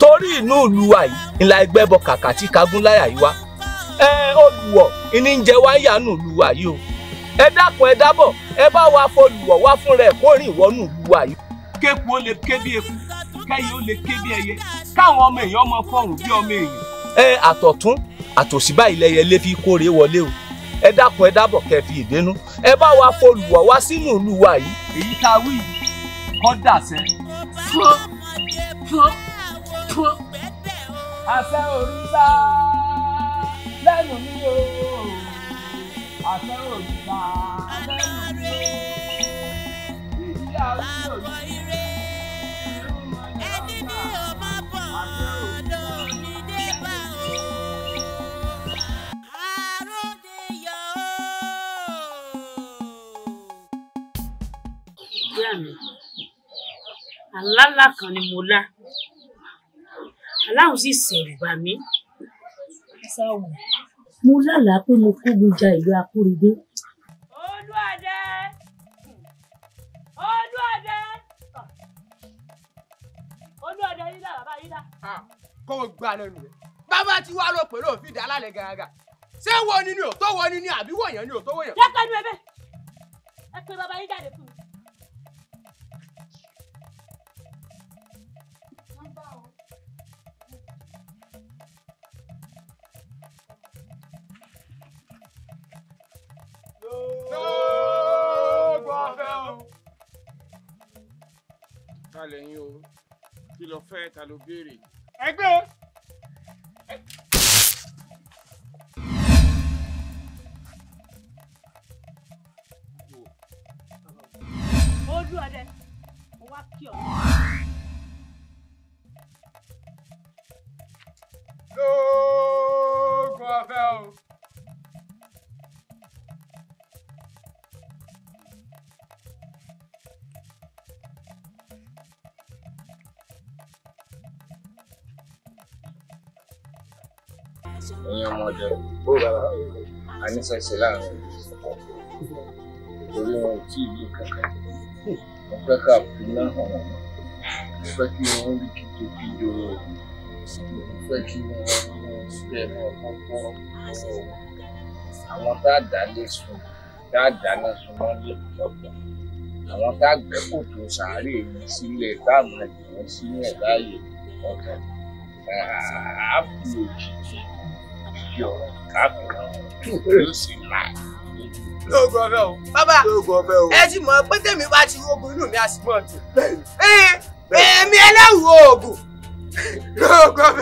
torí inú ìlú wa yìí ńlá ẹgbẹ́ bọ kàkà tí kagúnláyà yìí wá ẹ olùwọ̀ ìní ń jẹ wá ń yànú ìlú wa yìí o ẹ dákun ẹ dábọ̀ ẹ bá wa fọlùwọ̀ wá fún rẹ̀ kó rìn wọnú ìlú wa yìí. kéku ó lè ké bí eku kẹyìn ó lè ké bí ẹyẹ káwọn ọmọ èèyàn ọmọ fọhùn bí ọmọ èèyàn. ẹ àtọ̀tún àtòsíbá ilẹ̀ yẹn lè fi kórè wọlé o ẹ dákun ẹ dábọ̀ kẹ́ fi ìdénú ẹ bá wa fọlùwọ̀ wá sínú ìlú wa èyí tá wí yìí kọ́ dàsẹ́ fún fún fún àṣẹ òrìṣà lẹ́nu mi o àfẹ́ òrìṣà lẹ́nu mi o ìdí àwọn òrìṣà ẹni mi ò má bọ̀ lónìí dé bá o. àròdé yọ o. ìyá mi àlálà kan ni mo lá aláhùn sì ṣẹ̀rù bà mí. sáwọn mo lálàá pé mo kógun ja ìlú akóredé. olúọdẹ olúọdẹ olúọdẹ yídà bàbá yídà. kọ́ ọ gbà lẹ́nu rẹ̀ bàbá tí wàá rò pé lóò fi dà á lálẹ́ gàràgà ṣé wọ́n ni ni ò tó wọ́n ni ni àbí wọ̀nyẹn ni ò tó wọ̀nyẹn. dákẹ́ nu ẹbẹ̀ ẹ pé bàbá yín jáde fún mi. ṣóògùn ọ̀fẹ́ o. ta lẹ́yìn o kí ló fẹ́ ta ló béèrè. ẹgbẹ́ ojú ọdẹ mo wá kí ọ. lóògùn ọ̀fẹ́ o. àwọn ọ̀dọ́ ó bàbá a ní sẹ́sẹ̀ láàrin torí wọn ò tí ì rí kankan mo fẹ́ ká fúnná hàn wọ́n mo fẹ́ kí wọ́n rí kíkó kí yòrò mo fẹ́ àwọn tá dá lé sùn tá a dáná sùn mọ́ lé lọ́pọ̀ àwọn tá a kòtò sàárè mi sílẹ̀ táwọn ẹ̀dùn sílẹ̀ láàyè ọ̀tọ̀ àápù òjijì bí ọ̀rọ̀ káàkiri *laughs* yóò sì là lóògùn ọbẹ̀ o bàbá lóògùn ọbẹ̀ o ẹ ti mọ̀ pé tèmi bá ti oògùn inú mi á sì mọ̀ tù èmi ẹlẹ́wù oògùn lóògùn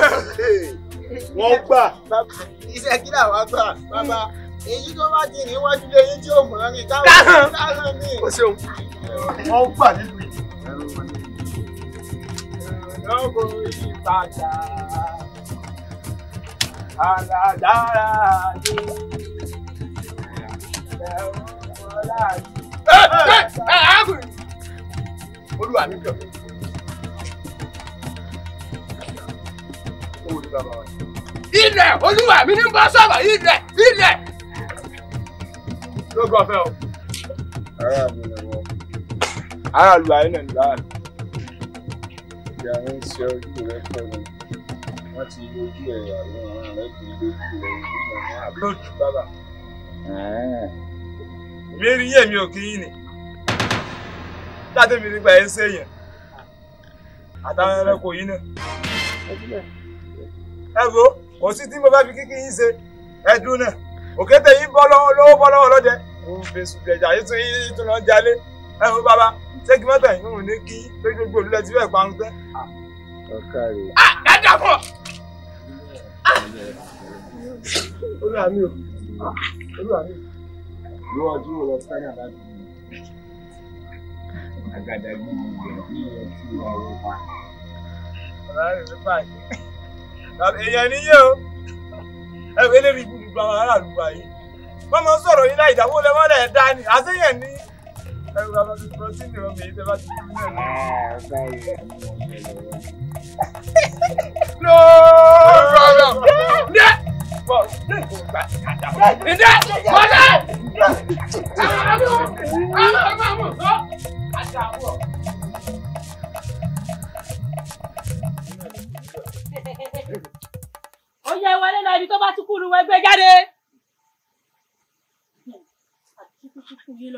wọ́n gbà iṣẹ́ kí làwọn gbà bàbá èyí tó bá ti rìn wájú lé yín tí ó mọ̀ rìn káwọn káwọn ní. o ṣeun wọ́n gbà nínú yìí. lóògùn ìtajà àgàdàrà ni ẹ̀rọ ọ̀la ni. olúwa mi kàn. ilẹ̀ olúwa mi ní bá sọ̀rọ̀ ilẹ̀ ilẹ̀. ló gbọ́ fẹ́ o. aráàlú ni wọ́n aráàlú ayé náà ní láàrín ìyá mi ń ṣe ojú rẹ pẹ̀lú wọ́n ti yọjú ẹ̀ àwọn ọ̀ràn rẹ̀ kì í lójú rẹ̀ ìlú ọ̀ràn àbúròjù bàbà. mary yẹn mi ò kí yín ni dáadé mi nígbà ẹ̀ ń sèyàn àtàwọn ẹranko yìí náà. ẹ wo kò sí tí mo bá fi kíkí yín ṣe ẹ dún náà òkété yìí bọ́ lọ́wọ́ lọ́wọ́ bọ́ lọ́wọ́ lọ́dẹ òun fèsù jẹjà yìí tún yìí tún lọ jalè ẹ wo bàbá ṣé kí mọ́tò òun ní kí lójoojúmọ́ olùlẹ̀ tí fẹ́ẹ́ parun tẹ́. ọ̀kàrẹ̀. Ah, dáadáa fún ọ olúwa mi o lè rí gbogbo àwọn aráàlú wa wọ́n máa sọ̀rọ̀ yín láì dáwọ́ lẹ́wọ́lẹ̀ dání àṣeyàn ní ẹrù kan lọ́dún protein rọ̀ mi ìfẹ́ bá ti kú náà ní. no problem. ndé bọ̀ ndé kò gbà kàdà. ndé bọ̀ ndé. àwọn àbúrò àwọn àbúrò sọ àti àbúrò. ó yẹ wọlé lọ ibi tó bá tún kúrú wẹgbẹ jáde. àti kúkú yín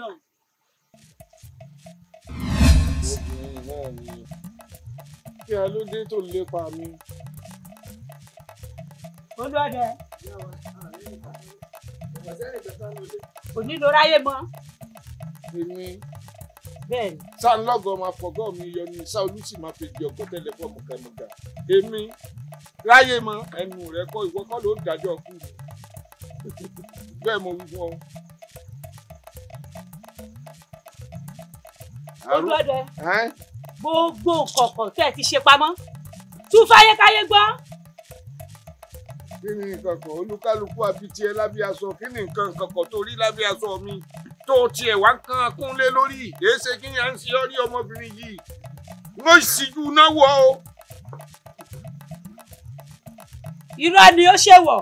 obìnrin náà ni kí a ló dé tó lépa mi. olóde òní ló ráyè mọ. èmi sanlọgọ máa fọgọ mi yọ ni saolu sì máa fi di ọgọ tẹlẹ fọ mọkànmọkà èmi ráyè mọ ẹnu rẹ kọ ìwọ kọ ló dájọ́ kú mi bẹ́ẹ̀ mo wí fún ọ. ojú ọdẹ gbogbo kọ̀ọ̀kan tẹ́ ẹ ti ṣe pamọ́ tún fáyékáyé gbọ́. kí ni nǹkan kan olúkálùkù àbítí ẹ lábẹ́ aṣọ kí ni nǹkan kankan tó rí lábẹ́ aṣọ mi tó tiẹ̀ wá kan kúnlé lórí èé ṣe kí ni à ń ṣe ọ́ rí ọmọbìnrin yìí mo sì ju náwó o. irọ́ ni ó ṣèwọ̀.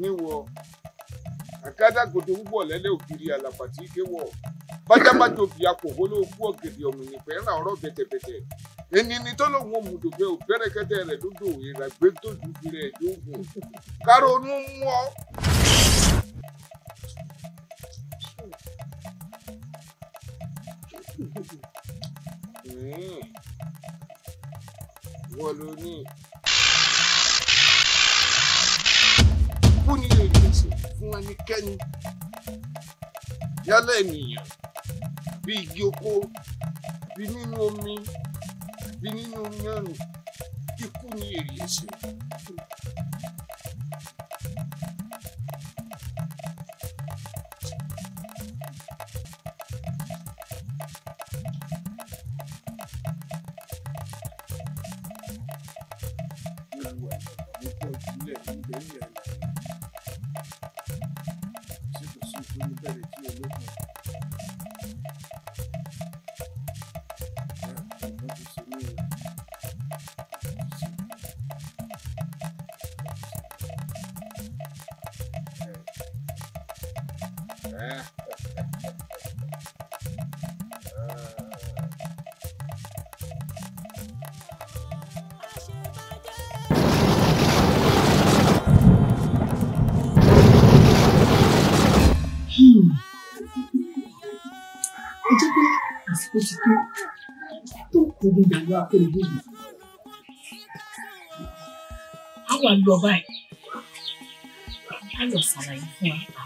níwọ̀ kádàgòdò wúbọ̀ lẹ́lẹ́ ògiri àlàpàtì ìkéwọ̀ bájábájò bíi akòwò ló kú ọ̀gẹ̀dẹ̀ ọ̀mìnì fẹ́ràn ọ̀rọ̀ bẹ̀tẹ̀bẹ̀tẹ̀ ẹni ní tọ́lọ́hún òmùdògbẹ́ ò bẹ́rẹ̀kẹ́tẹ̀ rẹ̀ lódò ìràgbé tó ju ju rẹ̀ lóògùn káró ní mú ọ. Hmm. wọ́n ló ní. kú ni lè ṣe fún ẹnikẹ́ni yálà ènìyàn bí igi oko bí nínú omi bí nínú yànrùn ikú ni èrè ṣe. lọ àforíjì. a wà lọ báyìí a lọ ṣàlàyé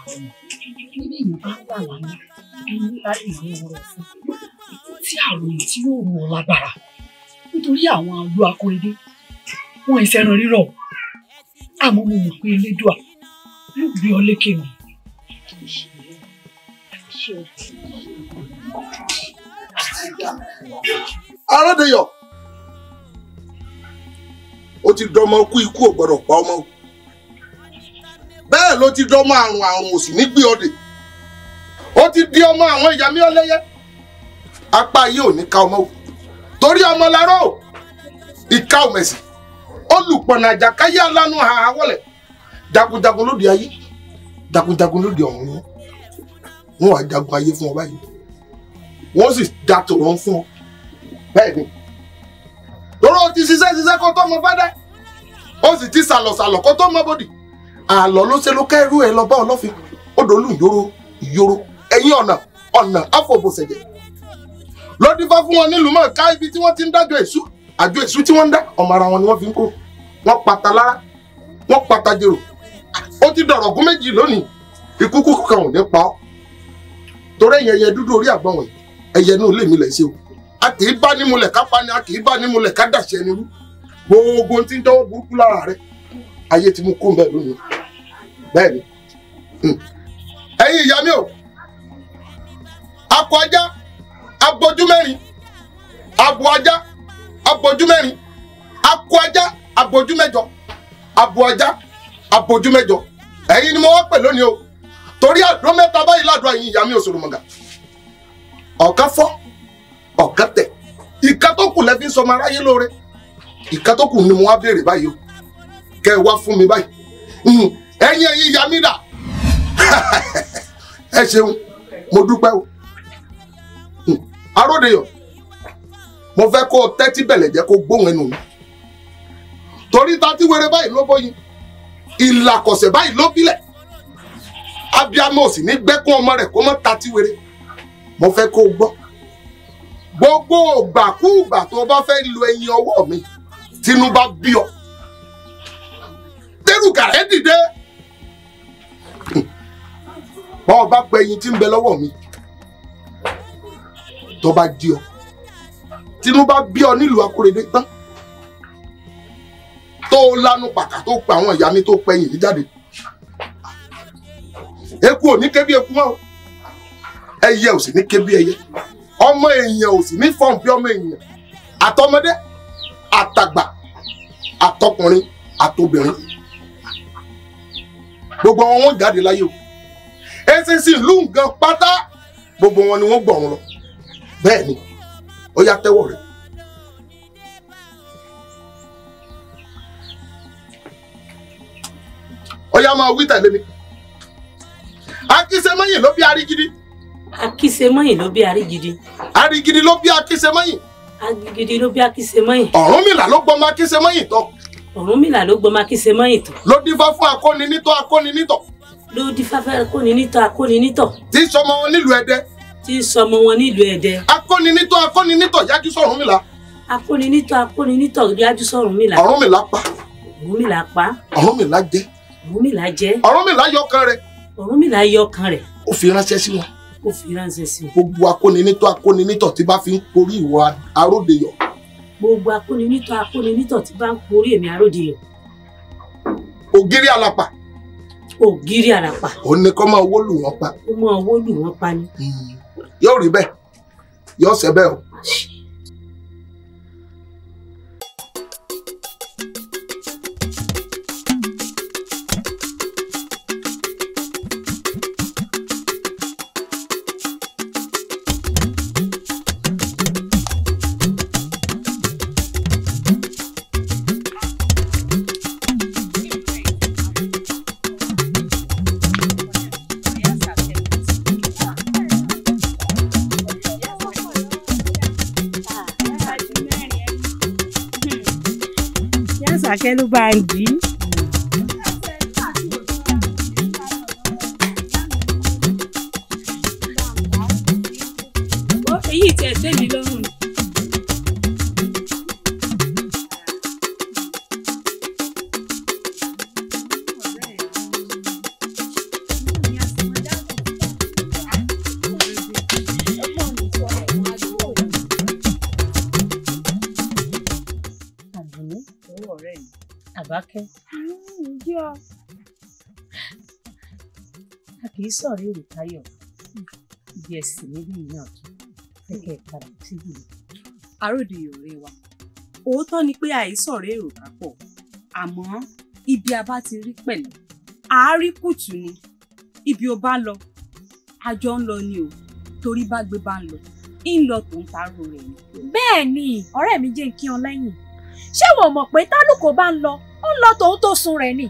fún wa àwọn ọmọ níbi ìbá wà lánàá ẹni láyé ìrànwọ́ rẹ̀ fún tí àròyìn tí yóò rò lágbára nítorí àwọn àlọ́ akóredé wọn ìfẹ́ràn rírọ̀ àmọ́ mo mọ̀ pé elédùà ló gbé ọ lékè mi. Arábìyàn ó ti dọmọ kú ikú ò gbọdọ̀ pa ọmọ bẹ́ẹ̀ ló ti dọmọ àrùn àrùn òsì nígbì ọdẹ ó ti di ọmọ àwọn ìyá mi ọlẹ́yẹ apá yìí ò ní ka ọmọ torí ọmọ lárọ́ ìka òmẹ̀sì olùpọ̀nà àjàkáyé alánú àwọlẹ̀ jagunjagun lóde ayé jagunjagun lóde ọ̀run ni wọn wà jagun ayé fún ọ báyìí wọn sì dàtò wọn fún ọ bẹ́ẹ̀ ni tọ́rọ ti ṣiṣẹ́ ṣiṣẹ́ kó tó mọ fádá ó sì ti sàlọ̀sàlọ̀ kó tó mọ bòdì àlọ́ ló ṣe ló ká irú ẹ lọ bá ọlọ́fin ó dòlú ìyóró ìyóró ẹ̀yìn ọ̀nà ọ̀nà àfọ̀bọ̀sẹ̀jẹ̀ ló dífá fún wọn nílùú mọ̀ ká ibi tí wọ́n ti ń dájọ́ èṣù àjọ èṣù tí wọ́n ń dá ọmọ ara wọn ni wọ́n fi ń kó wọ́n pata lára wọ́n pata jèrò ó ti dọ̀rọ̀ gún méjì lónìí ikú kúkú kan ò ní pa ọ́ torí ẹ̀yẹ ẹyẹ dúdú orí àgbọ̀n wọ̀nyí ẹyẹ inú ilé mi lẹ̀ ṣe o a kì í bá nímúlẹ̀ ká pani a kì í bá nímúlẹ̀ ká dàṣẹ nírú gbogbo tí ń dánwó burúkú lára rẹ ayé ti mú kó bẹ́ẹ̀ lónìí bẹ́ẹ̀ ni hmm. ẹ̀yin ìyá mi o akọ ajá abojú mẹ́rin abo ajá abojú mẹ́rin akọ ajá abojú mẹ́jọ abo ajá abojú mẹ́jọ ẹ̀yin ni mo wá pè lónìí o torí àdó mẹ́ta báyìí ládùn ẹ̀yin ìyá mi ò sòrò mọ̀gà ọ̀ká fọ́ ọ̀kán tẹ̀ ìka tó kù lẹ fi ń sọmọ aráyé lóore ìka tó kù ni mo wá béèrè báyìí o kẹ ẹ wá fún mi báyìí hmm, ẹyin ẹyin ya mí dà *laughs* ẹ ṣeun mo dúpẹ́ o hmm, aródeyọ̀ mo fẹ́ kó o tẹ́tí bẹ̀lẹ̀ jẹ́ kó gbóhùn ẹnu mi torí ta tí wéré báyìí ló bóyin ìlàkọ̀sẹ̀ báyìí ló bílẹ̀ abiyamọ ò sì ní gbẹ́kún ọmọ rẹ̀ kó má ta tí mo fẹ́ kó o gbọ́ gbogbo ògbàkúùgbà tó bá fẹ́ lo ẹyin ọwọ́ mi tinubu bí ọ tẹrùkà ẹ dìde bá ọ bá pẹyin tí ń bẹ lọ́wọ́ mi tó bá di ọ tinubu bí ọ nílùú akóredé tán tó lanu pàkà tó pa àwọn ìyá mi tó pẹyin mi jáde eku ò ní ké eku mọ́ ẹyẹ ò sì ní ké ẹyẹ ọmọ èèyàn ò sì ní fọ́ọ̀n bí ọmọ èèyàn àtọmọdé àtàgbà àtọkùnrin àtobìnrin gbogbo wọn wọn jáde láyé o ẹsẹsì ìlú nǹkan pátá gbogbo wọn ni wọn gbọ́ wọn lọ bẹ́ẹ̀ ni ó yá tẹ́wọ́ rẹ̀. ó yá máa wí tẹ̀lé mi akíṣe mẹ́yìn ló bí arígídí akísemọ́yìn ló bí arígidi. arígidi ló bí akísemọ́yìn. arígidi ló bí akísemọ́yìn. ọ̀rúnmìlà ló gbọmọ akísemọ́yìn tán. ọ̀rúnmìlà ló gbọmọ akísemọ́yìn tán. ló dífá fún akóni nítọ̀ akóni nítọ̀. ló dífá fún akóni nítọ̀ akóni nítọ̀. tí sọmọ wọn nílùú ẹdẹ. tí sọmọ wọn nílùú ẹdẹ. akóni nítọ̀ akóni nítọ̀ yájú sọ ọ̀rúnmìlà. akóni nítọ̀ akóni nítọ̀ yájú sọ ọ̀rúnmìlà. ọ̀rúnmìlà pa. ọ̀rúnmìlà pa. ọ̀rúnmìlà jẹ. ọ̀rúnmìlà jẹ. ọ̀rúnmìlà yọkan rẹ. ọ̀rúnmìlà yọkan rẹ kó fi ránṣẹ́ sí i. gbogbo akóninítọ́ akóninítọ̀ tí bá fi ń korí ìwọ aródeyọ̀. gbogbo akóninítọ́ akóninítọ̀ tí bá ń korí èmi aródeyọ̀. ògiri alapa. ògiri alapa. ó ní kó máa wó lù wọ́n pa. ó máa wó lù wọ́n pa ni. Hmm. yóò rí bẹ́ẹ̀ yóò ṣe bẹ́ẹ̀ o. Banji. Àbákẹ́. Ǹjẹ́ ọ? A kì í sọ̀rọ̀ èrò táyọ̀. Bí ẹ̀sìn níbí náà tó. Kẹ̀kẹ́ padà síbi. Àròdì òré wa. Òótọ́ ni pé àìsọ̀rọ̀ èrò kápọ̀. Àmọ́ ibi a bá ti rí pẹ̀lú. Àárí kùtù ni. Ibi o bá lọ. Àjọ ń lọ ni o. Torí bá gbé bá ń lọ. Ń lọ tó ń tarò rẹ̀ ni. Bẹ́ẹ̀ ni ọ̀rẹ́ mi jẹ́ kí ọ lẹ́yìn ṣé wọn mọ̀ pé tálùkò bá ń lọ ó lọ tòun tó sun rẹ̀ ni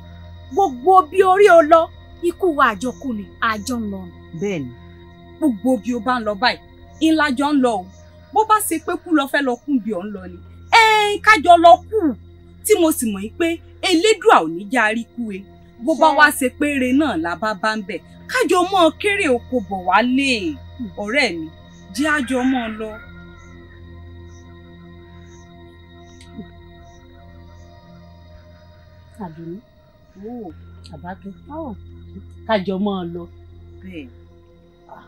gbogbo bí orí o lọ ikú wa àjọkù ni àjọ ń lọ. bẹ́ẹ̀ni. gbogbo bí o bá ń lọ báyìí ńlá jọ ń lọ o bó bá ṣe pé kú lọ fẹ́ lọ kú bí ọ̀ ń lọ ni ẹ kájọ lọ kú tí mo sì mọ̀ pé elédùà ò ní já rí kú e bó bá wá ṣe péré náà la bá bá ń bẹ̀ kájọ mọ́ kéré oko bọ̀ wálé hmm. ọ̀rẹ́ mi jẹ́ àjọ mọ́ lọ. tàbínú tàbákẹ́ kájọ máa lọ. bẹ́ẹ̀ ah.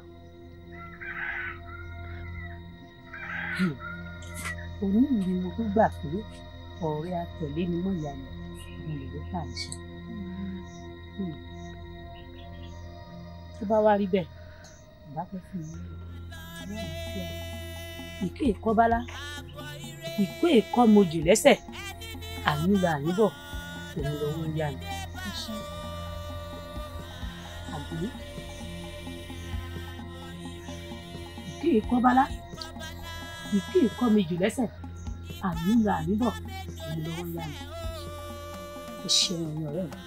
òní yìí mo tún gbà pé ọ̀rẹ́ atẹ̀lé ni mọ̀ ìyá mi mo lè lọ́ọ́ tà ń ṣe. Hmm. tó bá wá rí bẹ́ẹ̀ bá fẹ́ fún mi lọ ìké ìkọ́bálá ìkó ìkọ́ mojì lẹ́sẹ̀ àyùnlá àyùnbọ̀ èmi lọ́wọ́ ń yá mi. àbí ìké ìkọ́ bálá ìké ìkọ́ mi jù lẹ́sẹ̀ àmì ń lọ àmì bọ̀ èmi lọ́wọ́ ń yá mi. ẹ ṣeun ọ̀rẹ́ mi.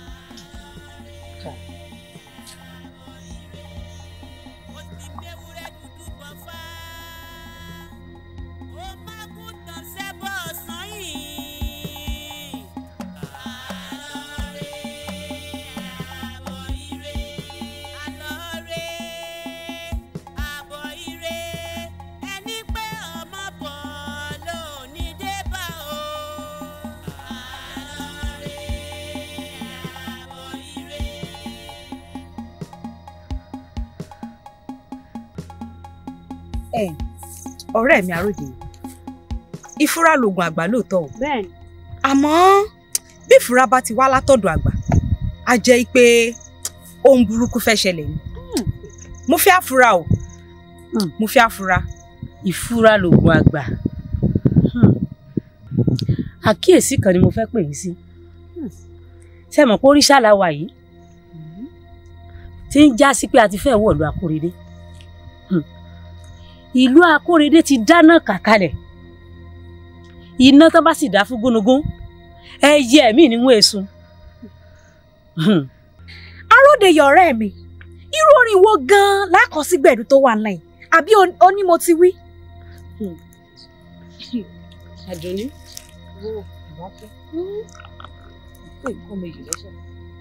ọ̀rẹ́ mi àròjì ìfura lògùn àgbà lóòótọ́ o àmọ́ bí ìfura bá ti wá látọ̀dọ̀ àgbà á jẹ́ pé ohun burúkú fẹ́ ṣẹlẹ̀ ni hmm. mo fi àfura o hmm. mo fi àfura. ìfura lògùn àgbà hmm. àkíyèsí kan ni mo fẹ́ pè yín sí ṣé mọ̀ pé oríṣà la yìí tí ń já sí pé a ti fẹ́ wọ̀lú àkórèdé ìlú akórèdé ti dáná kàkalẹ̀ iná tán bá sì dá fún gúnugún ẹyẹ ẹ̀mí ni wọ́n èso. Hmm. aródeyọ ọ̀rẹ́ mi irú orin wo gan-an lákọsígbẹ̀dù tó wà náà àbí oní mo ti wí. Hmm. àdùnní wo ìwọ́n fẹ́ pé nǹkan méjì lọ́sọ̀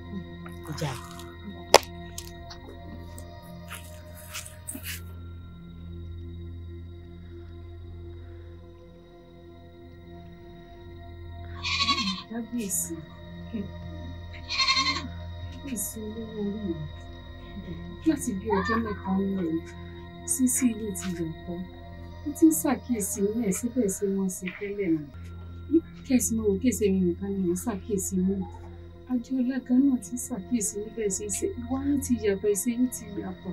hmm. kábíyèsí kábíyèsí olówó orí mi láti bí ọjọ́ mẹ́ta ń lọ sí sí ilé ti yọ̀ǹkọ́ ó ti ń ṣàkíyèsí ní ẹ̀sìnbẹ̀sẹ̀ wọn ṣe tẹ́lẹ̀ mi kẹ̀sì mọ́ òun mi nìkan ni mo ṣàkíyèsí mọ́ Adéọlá gan náà ti ṣàkíyèsí níbẹ̀ ṣe ṣe ìwà yín ti yàtọ̀ ìṣe yín ti yàtọ̀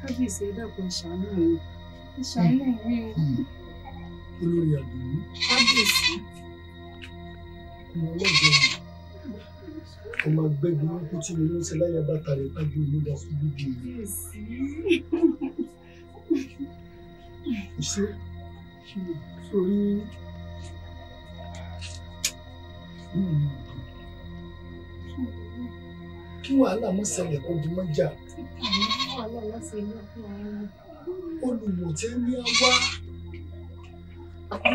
kábíyèsí ẹ̀dàpọ̀ ìṣàánú mi ìṣàánú mi o. Hmm. olórí àdùnnú. kábíyèsí mo lọ́dọ̀ yìí ọmọ ẹgbẹ́ burúkú tí mo ń ṣe láyé bàtà rẹ̀ bá gbé olúwa fún bíbí mi. ṣé sórí kí wàhálà mọ́ ṣẹlẹ̀ kó di mọ́jà. olùwò tẹ́ ní á wá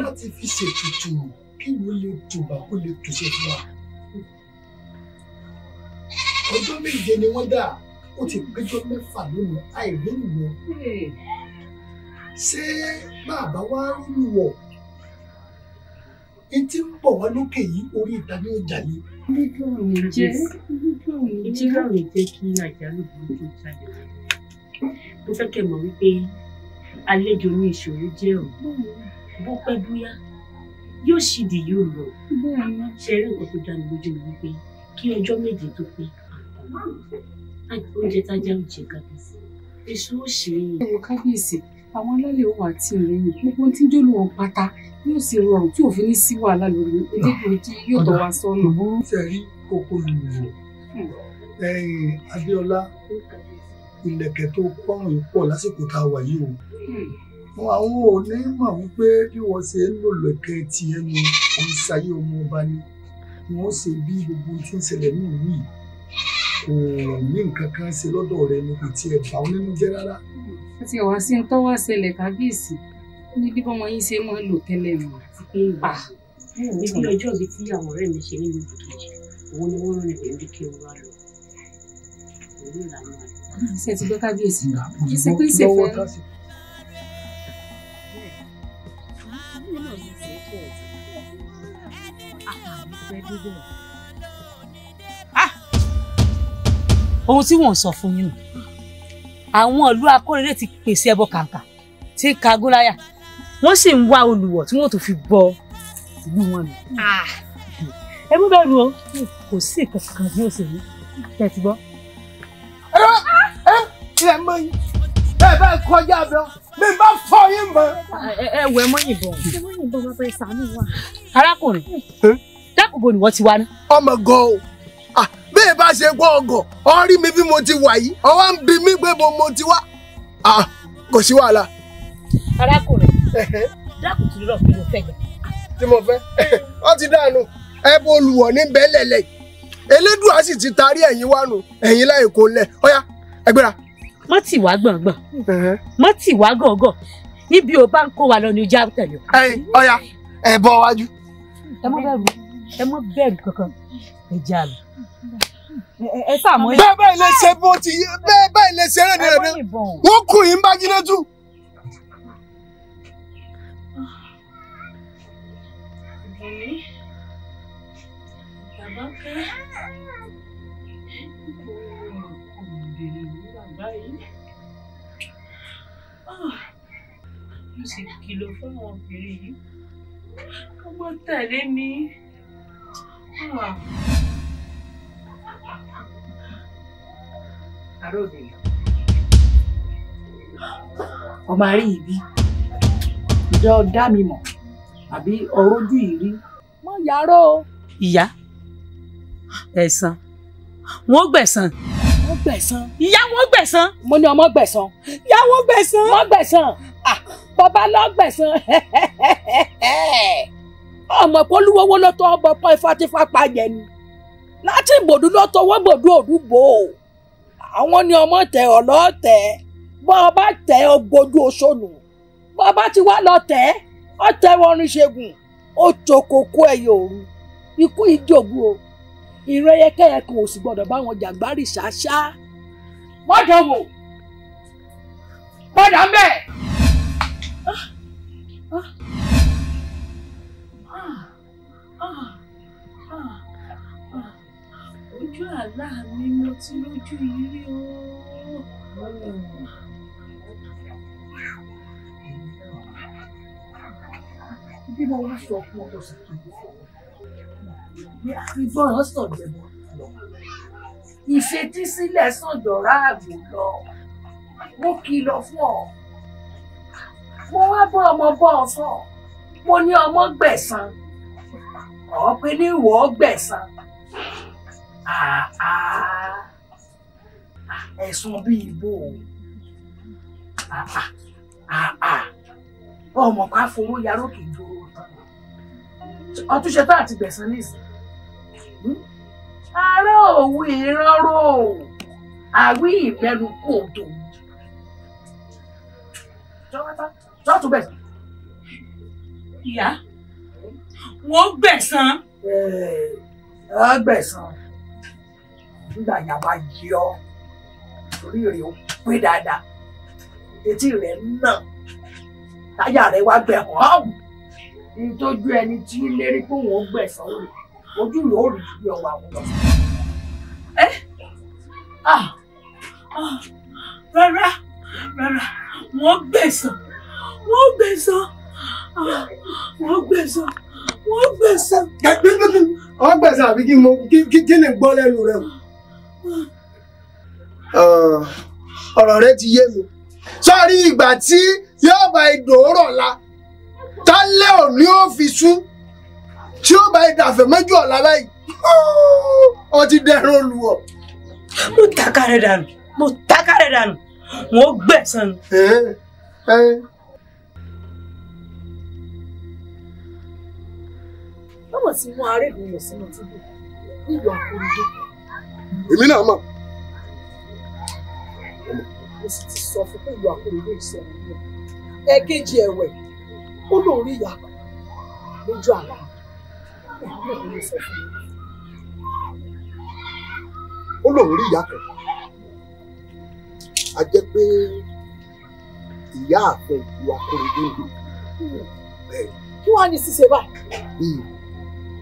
láti fi ṣètùtù kí wo lè tùbà kó lè tùṣe fún wa. ọjọ́ méje ni wọ́n dà ó ti péjọ mẹ́fà lónìí àìlóyìnbó. ṣé bàbá wa rúlu wọ̀ ní ń bọ̀ wá lókè yìí orí ìta ni ó jà yìí. nígbà òní jẹ́ nígbà òní jẹ́ kí àjálù burúkú jáde mo fẹ́ kẹ́ mọ̀ wípé àlejò ní ìṣòro jẹ́ ò bó pẹ́ bóyá yóò sì di yóò lọ ṣe rí nǹkan tó dáni lójú mi wípé kí ọjọ́ méje tó pé oúnjẹ tájá ò jẹ kábíyèsí èso ó ṣe é. ẹ̀wọ̀n kábíyèsí àwọn alálẹ̀ òun àti ìrẹ́yìn gbogbo tí ń jólù wọn pátá yóò sì rọrùn tí òfin ní sí wàhálà lórí ẹdẹgbẹ tí yóò tọ́ wa sọ́nà. ìbúrú fẹ́ rí kókó lùwọ̀ hmm. ẹ̀yìn ilẹ̀kẹ̀ tó pọ́nrún pọ̀ lásìkò tá a wà yìí o. Hmm wọn àwọn ò ní mọ̀ wípé bí wọ́n ṣe ń lò lẹ̀kẹ́ ti ẹnu ìṣayé ọmọ ọba ni wọ́n ṣe bí gbogbo tí ń ṣẹlẹ̀ ní ìlú yìí kò ní nǹkan kan ṣe lọ́dọ̀ rẹ ni kò tiẹ̀ bà ọ́ nínú jẹ́ rárá. a ti wá sí tó wá ṣẹlẹ̀ kábíyèsí ní bí bọ́mọ yín ṣe máa ń lò tẹ́lẹ̀ mọ́. Ah. níbi ọjọ́ ibi tí àwọn ọ̀rẹ́ mi ṣe nínú ìbùkẹ́jì òun ni wọ́n rán ibẹ̀ bí kí n wá lọ pẹ́ ah! débẹ̀. ohun tí wọ́n sọ fún yín nù àwọn ìlú akórèrè ti pèsè ẹbọ kàǹkà tí ka gúláyà wọ́n sì ń wá olùwọ̀ tí wọ́n tó fi bọ ìlú wọn nù. Ah! ẹ mú bẹ́ẹ̀ lu o kò sí ìkankan bí ó sì rí bẹ́ẹ̀ ti gbọ́. ẹ ẹ ẹ mọ yín bẹ́ẹ̀ bẹ́ẹ̀ kọjá bẹ́ẹ̀ mi bá fọ yín mọ́. ẹ ẹ wẹ mọ yìnbọn. ẹ mọ yìnbọn bàbá ẹ ṣàánú wa. arákùnrin dákòbò ni wọ́n ti wá ná. ọmọ gan o bí ẹ bá ṣe gbọ́ ọgọ̀ ọ rí mi bí mo ti wà yìí ọwọ́ ń bi mí pé mo ti wá kò sí wàhálà. arákùnrin dákùn tí lọ́ọ̀ fi mo fẹ́ gbà. tí mo fẹ́ ọ ti dànù ẹ bó olùwọ̀ ní bẹ́ẹ̀lẹ̀lẹ̀ elédùá sì ti tarí ẹ̀yìn wánu ẹ̀yìn láì kó lẹ̀ ọ̀yá ẹgbẹ́ra. má tì wá gbọ̀ngbọ̀n má tì wá gọ̀ọ̀gọ̀ níbi ò bá ń kó wa lọ ní ojú àtẹ̀lẹ́. ọ̀yá ẹ bọ́ wájú. ẹ má bẹ̀rù ẹ mọ bẹ́ẹ̀ kankan ẹ já lọ ẹ sàmọ. bẹ́ẹ̀ báyìí lè ṣe bó ti bẹ́ẹ̀ báyìí lè ṣe rẹ̀ rẹ̀ wọ́n kù yín bá jí lójú. mo sì kìlọ̀ fún àwọn obìnrin yìí kí wọ́n mi. Àròbìnrin. Ọmọ àrí ìbí. Ǹjẹ́ ọ dá mi mọ̀? Àbí ọ̀rọ̀ ojú ìrí? Mọ yàrá o. Ìyá ẹ̀san wọ́n gbẹ̀san. Wọ́n gbẹ̀san. Ìyá wọ́n gbẹ̀san. Mo ní ọmọ gbẹ̀san. Ìyá wọ́n gbẹ̀san. Wọ́n gbẹ̀san. Ah, bàbá lọ gbẹ̀san. *laughs* ọmọ polówówó ló tọ ọmọ pọ ifátífá pàjẹ ni láti gbòdú ló tọwọ́ gbòdú òdúgbò àwọn ni ọmọ tẹ ọlọ́tẹ bọ́ ọba tẹ ogójú oṣoònù bọ́ ọba ti wá lọ tẹ ọtẹ wọrin ṣẹ́gun ó tokoko ẹ̀yẹ òru ikú ìjògbó o ìran yẹkẹyẹ kan ò sì gbọdọ̀ bá wọn jàgbárì ṣáṣá. mọ́jọ wò padà ń bẹ̀ ojú àlá mi mo ti lójú ìrírí o. bí mo wá sọ fún ọtọ sí kí ìgbọràn sọ̀dọ̀ ẹ̀bọ̀ lọ ìfetísílẹ̀ sọ̀dọ̀ ráàbù lọ mo kìlọ̀ fún ọ mo wá bọ́ ọmọ bọ́ ọ fọ́ mo ní ọmọ gbẹ̀san ọ pé ní ìwọ gbẹ̀san ẹ̀sùn bíi ìbò ọmọ ká fowó yarò kì í dúró tán ọtún ṣe tán àti gbẹ̀san nìsín hmm? ará òwú ìrọrò àwí ìbẹnu kò tó jọ́wọ́tá jọ́tún bẹ̀sán ìyá wọ́n gbẹ̀san. ẹ gbẹ̀san nígbà yẹn a máa yí ọ torí rẹ ó pé dáadáa etí rẹ náà táyà rẹ wá gbẹ hàn ní tójú ẹni tí ń lérí pé òun ó rẹ ojú rẹ ó rí bí ọwọ́ àwọn lọ. ẹ ah rárá rárá wọ́n gbẹ̀san wọ́n gbẹ̀san wọ́n gbẹ̀san wọ́n gbẹ̀sán. wọ́n gbẹ̀sán àbí kí mo kí ni gbọ́ lẹ́nu rẹ̀ o. ọ̀rọ̀ rẹ ti yé mi sọ́ọ́rí ìgbà tí yóò bá ìdòórọ̀ la tálẹ́ òní ó fi sún tí ó bá ìdàfẹ́ mẹ́jọ ọ̀la láì ọ ti dẹrùn olùwọ̀. mo takarẹ̀ dànù mo takarẹ̀ dànù mo gbẹ̀sán. mọ̀ sí wọn arébi mọ̀ sínú túbú nílùú àkóńdé. èmi náà mọ̀. mo sì ti sọ fún pé ìlú àkóńdé ìṣẹ̀lẹ̀ náà ẹ̀ẹ́kejì ẹ̀wẹ̀ ó lóun rí ìyá lójú àlá ìyá náà ló sọ fún mi ó lóun rí ìyá kan a jẹ pé ìyá àfẹ ìlú akóredé ń lò hmm. bẹ́ẹ̀. kí wàá ní ṣíṣe báyìí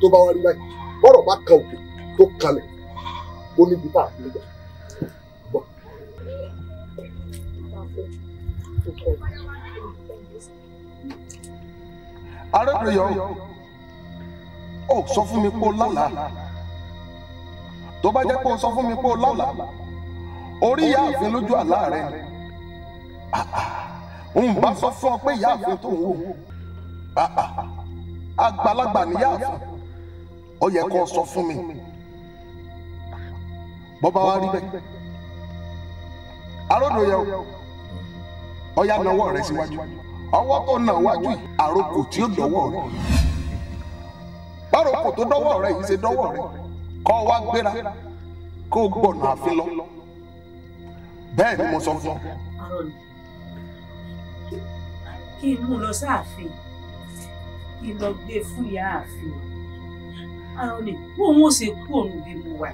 tó bá wá rí báyìí bọ́rọ̀ bá kan òkè tó kalẹ̀ ó níbi tá a fi gbà. arábìnrin yọ ọ sọ fún mi pé ó lálàá tó bá jẹ́ pé ó sọ fún mi pé ó lálàá orí ìyá àfin lójú àlá rẹ n bá sọ fún ọ pé ìyá àfin tó wò àgbàlagbà ni ìyá àfin ó yẹ kó sọ fún mi bọ́ba wa rí bẹ́ẹ̀ aródò yẹ o ó yá nawọ́ rẹ síwájú ọwọ́ tó nà wájú yìí àròkò tí ó dọ́wọ́ rẹ bárokò tó dọ́wọ́ rẹ yìí ṣe dọ́wọ́ rẹ kọ́ wa gbéra kó o gbọ̀nà àfin lọ bẹ́ẹ̀ ni mo sọ fún ọ. kí n mú lọ sáàfin kí n lọ gbé fún ìyá àfin àrùn ni kó òun ò ṣe kú òun bí mo wà.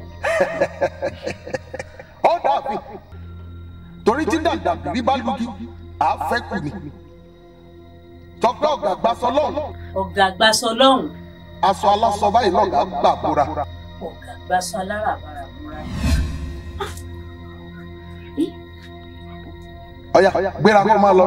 ó *laughs* dàbí torí tí dàdàbí rí bá lùgì àáfẹ́kù ni tọpẹ́ ọ̀gá gbasọ lọ́hùn. ọ̀gá gbasọ lọ́hùn. aṣọ aláṣọ báyìí lọ́gàá gbà bóra. ọ̀gá gbasọ aláràbarà bóra. ọ̀yà gbéra kó máa lọ.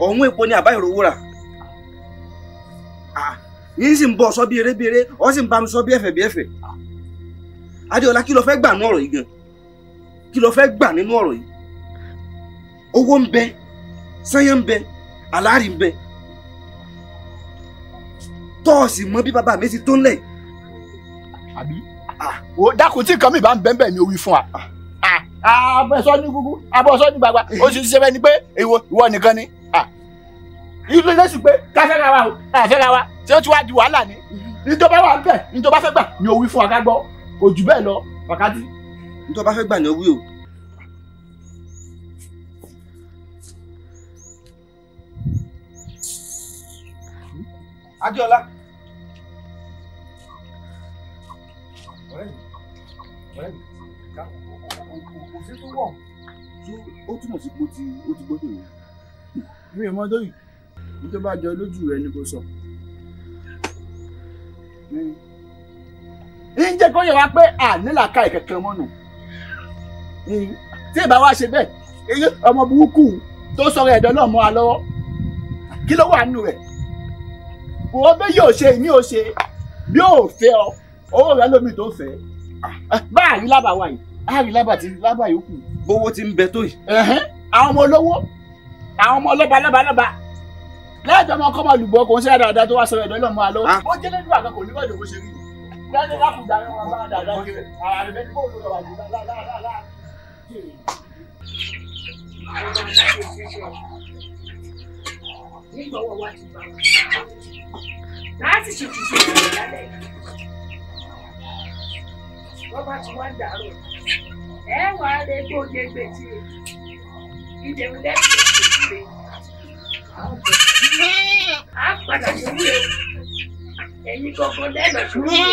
ọ̀hún epo ni àbá ìrówó rà ah, yín sì ń bọ̀ sọ bí erébèrè ọ sì ń bá mi sọ bí ẹ̀fẹ̀ bí ẹ̀fẹ̀ adéọlá kí lo fẹ́ gbà nú ọ̀rọ̀ yìí gan kí lo fẹ́ gbà nínú ọ̀rọ̀ yìí owó ń bẹ sẹ́yẹ ń bẹ aláàrí ń bẹ tọ́ọ̀sì mọ bí bàbá mi ti tó ń lẹ̀. àbí ó ah. dákun tí nǹkan mi bá ń bẹ́ẹ̀ bẹ́ẹ̀ ni ó wí fún wa. Ah abọ́sọ́ ní gúgú abọ́sọ́ ní gbàgbà ó sì ṣe fẹ́ ni pé ìwọ nìkan ni ìlú ilé sì pé káfẹ́ra wa o káfẹ́ra wa tí ó ti wá di wàhálà ni ìjọba wà bẹ́ẹ̀ ìjọba fẹ́ gbà ni òwí fún ọ̀gá gbọ́ kò jù bẹ́ẹ̀ lọ wákàtí. ìjọba fẹ́ gbà ni òwí o. Adéọlá. ọ̀rẹ́ mi ọ̀rẹ́ mi bọ̀ ó túmọ̀ sí pé ó ti gbọ́ tèmi. mi ò mọ dóyìn ní tó bá jọ lójú rẹ ni kò sọ. Hmm. ń jẹ́ kó yẹ wá pé ànílàka ìkẹ̀kẹ́ mọ́nà hmm. tí ìbá wa ṣe bẹ́ẹ̀ ọmọ burúkú tó sọ̀rọ̀ ẹ̀dọ́ náà mọ́ a lọ́wọ́ kí ló wà nínú rẹ̀ wò bẹ́ yóò ṣe ìní ò bí ó fẹ́ ọ owó rẹ lómi tó fẹ́ ah, báyìí lábàá wà a rí lábà tí lábà yòókù. bówó ti ń bẹ tó yìí. àwọn ọmọ olówó àwọn ọmọ ọlọ́ba lọ́ba lọ́ba lẹ́yìn tó ọmọ kọ́mọ lùbọ́ kò ń ṣe dáadáa tó wá sọ ẹ̀dọ́ lọ́mọ àlọ́. Ah. ó jẹ́ lójú àgbà kò ní bọ́ọ̀dù bó ṣe rí. lẹ́yìn lákùnjà ni wọ́n bá dáadáa kiri àwọn àrẹ̀bẹ́ ni bóòlù lọ́wọ́ àjùlá láàlá. nígbà wọ́n wá ti bá láti ṣètùtù ìrìn lálẹ́ yìí wọ́n bá ti wá ń dàrú ẹ wà á lè kó oye gbèjì rẹ ìdẹ̀rù lẹ́sìn gbèjì rẹ á padà sórí rẹ ẹ̀yin kankan lẹ́nà sórí rẹ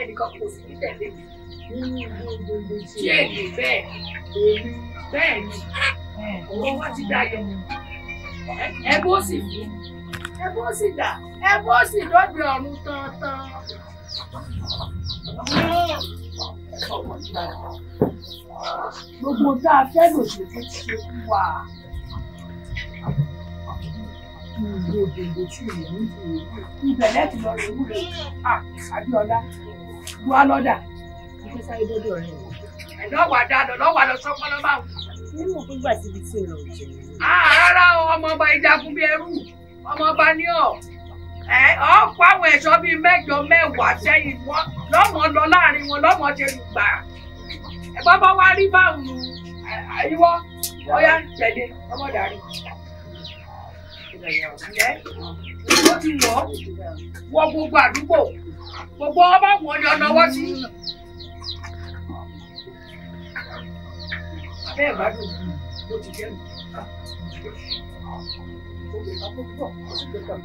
ẹnì kan kò sí tẹ̀lé tí èyí bẹ́ẹ̀ bẹ́ẹ̀ ni owó wá ti dayọ̀ ẹ bó sì fún ẹ bó dà ẹ bó sì dọ́gbẹ̀ ọ̀run sọ̀rọ̀ gbogbo tá a fẹ́ lòdì tó ti ṣe fún wa ìlú òdòdó tí ìlú ń dùn ibẹ̀ lẹ́tì lọ rẹ̀ wúlò àbíọ́lá wá lọ́dà ìfẹ́ sáré dọ́dọ̀ rẹ̀ wọ̀ ẹ̀dọ́ wà dá lọ́wọ́ lọ sọ́kọ́ lọ́ba wù. nínú òfin gbà síbi tí ìlọ òjò. rárá ọmọ ọba ìjagun bíi ẹrú ọmọ ọba ní ọ̀ ẹ àwọn ẹ̀ṣọ́ bíi mẹ́jọ mẹ́wàá sẹ́yìn wọn lọ́mọ lọ láàrin wọn lọ́mọ ṣe gbà ẹ bàbá wa rí báwùrù àyíwọ́ ọyá tẹ̀lé ọmọ ó ti wọ̀ wọ gbogbo àdúgbò gbogbo ọba wọn ni ọ̀nà wọ́n sí. abẹ́ ìbádùn ló ti jẹ́ mi.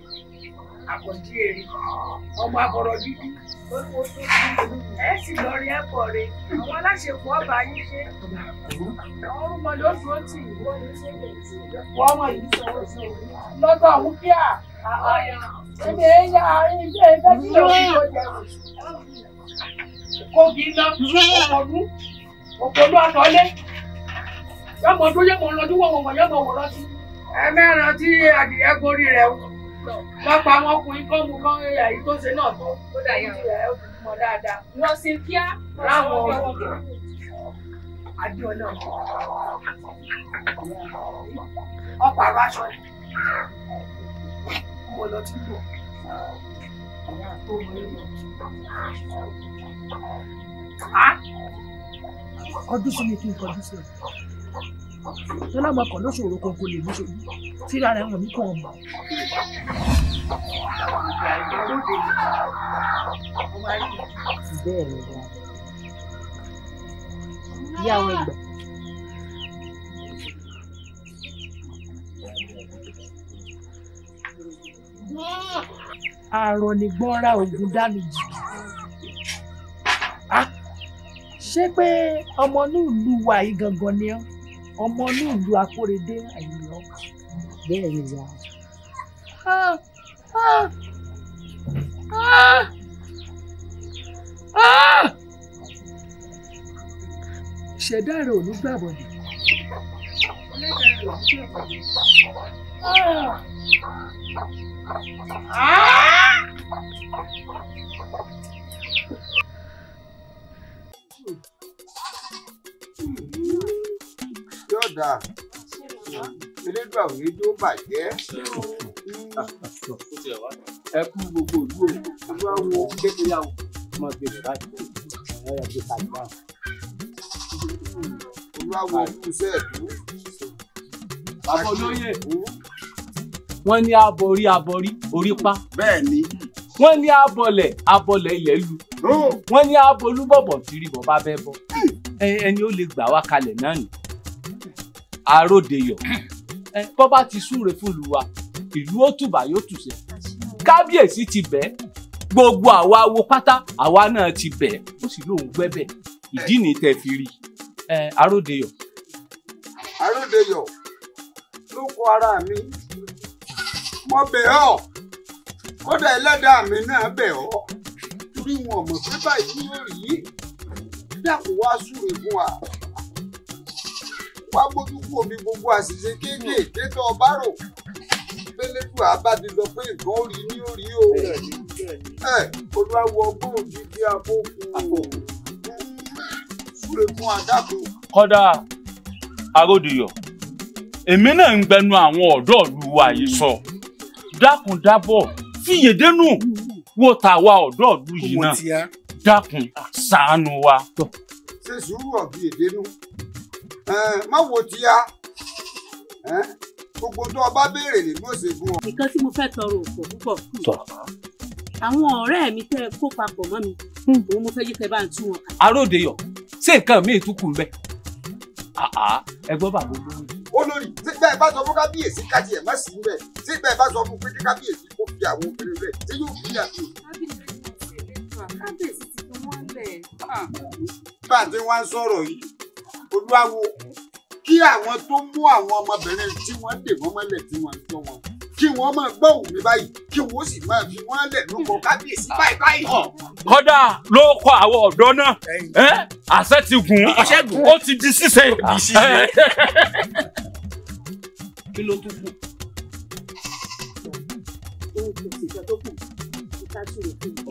àkọ́jí èrè ọmọ akọ̀rọ̀ bíbí ẹ sì lọ rí ẹ̀pọ̀ rẹ àwọn aláṣepọ̀ ọba yín ṣe àwọn ọmọ ló dúró tì í wọ́n ọmọ yìí sọ̀rọ̀ sọ̀rọ̀ lọ́dọ̀ ọ̀hún kíá ẹ̀mí ẹ̀yà àárín ilé ẹgbẹ́ tí yóò fi kó jẹun kó kí iná ọmọdún òkòlú àtọ́lé yọmọdún yọmọ ọlọ́dún wọ̀wọ̀wọ̀ yọmọ ọ̀wọ̀ lọ́sí. ẹ mẹ́ràn tí adìyẹ gorí rẹ̀ wọ̀ pápá wọn kun ikọ́ mu kán ẹ̀yà yìí tó ṣe náà tó ó dà yẹn ó fi mọ dáadáa. wọ́n sì kíá láwọn ọ̀rọ̀ adéọlá ọ̀pọ̀ àrò aṣọ ni mo lọ tí bò tó mọ èèyàn. ọdún sí mi kí n kọjú sí ọ tó lágbà kan lóṣòro kan kò lè mú ṣòro tíra rẹ̀ wọ̀n mí kò ọmọ. bẹ́ẹ̀ ni ìyá àwọn ẹgbẹ́. àrùn nìgbọ́n ra oògùn dánù jù ah! ṣé pé ọmọ inú ìlú wa gangan ni ọ́ ọmọ ní ìlú akóredé àyìnlọ bẹ́ẹ̀ ni ìyá. ìṣẹ̀dá rẹ̀ ò ní gbàbọ̀dẹ̀. Ah! dà elédùn àwọn èdè ó bàjẹ́ ẹ kú gbogbo ìlú o olú àwọn kékeré àwọn ọmọ ìbèrè báyìí wọn yà gbé náà. olú àwọn òkúṣẹ́ ẹ̀dú. àbọ̀lóyè wọ́n ní aborí aborí orí pa. ní abọlẹ̀ abọlẹ̀ ilẹ̀ lu. wọ́n ní abolúbọ̀bọ̀ tìrìbọ̀ bá bẹ́ bọ́. ẹni ó lè gbà wá kalẹ̀ náà nìyí àròdeyọ̀ *clears throat* bọ́ bá ti súre fún ìlú wa ìlú ó tùbà yóò tùsẹ̀ kábíyèsí ti bẹ́ẹ̀ gbogbo àwa awo pátá àwa náà ti bẹ́ẹ̀ ó sì lóun gbẹ́bẹ̀ ìdí nìyí tẹ́ fi rí àròdeyọ̀. àròdeyọ̀ ló kọ ara mi mo bẹ̀ ọ́ kódà ẹlẹ́dàá mi náà bẹ̀ ọ́ torí wọn mọ̀ pé báyìí yóò rí dákun wá súre fún wa wá bójú kú omi gbogbo àṣìṣe kéékèèké tó o bá rò pélédùn àbádìlọ pé nǹkan ó rí ní orí o ẹ olúwawo ọgbọ́n òdìdí àfọkù súre adáko. kọ́dà aródìyọ èmi náà ń gbẹnu àwọn ọ̀dọ́ ìlú wa yìí sọ dákun dábọ̀ fìyèdénú wo tàwa ọ̀dọ́ ìlú yìí náà dákun ṣàánú wa. ṣe sùúrù ọ̀bí èdè nù má wo tíya gbogbo tó o bá béèrè nínú òṣègùn ọ. nǹkan tí mo fẹ́ tọrọ òpò púpọ̀ àwọn ọ̀rẹ́ mi tẹ́ kó papọ̀ mọ́ mi hmm. òun mo fẹ́ jí kẹ́ bá ń tú wọn. aróde yọ ṣé nǹkan míì tún kù ń ẹ gbọ́ bàbá olórí. olórí tí bẹ́ẹ̀ bá sọ fún kábíyèsí kájí ẹ̀ má sí ń tí bẹ́ẹ̀ bá sọ fún pé kí kábíyèsí kó fi àwọn obìnrin rẹ̀ tí yóò fi àjò. kábíyèsí ti fi wọ́n lẹ̀. bá a ti wá ń sọ̀rọ̀ yìí olúwawo kí àwọn tó mú àwọn ọmọbìnrin tí wọ́n dè wọ́n mọ́lẹ̀ tí wọ́n tọ́ wọn kí wọ́n máa gbọ́ òun mi báyìí kí wọ́n sì máa fi wọ́n lẹ̀ lóko kábíyèsí báyìí báyìí. kódà ló kọ àwọn ọ̀dọ́ náà àṣẹ ti gùn ó ti di ṣíṣe. kí ló tún kù.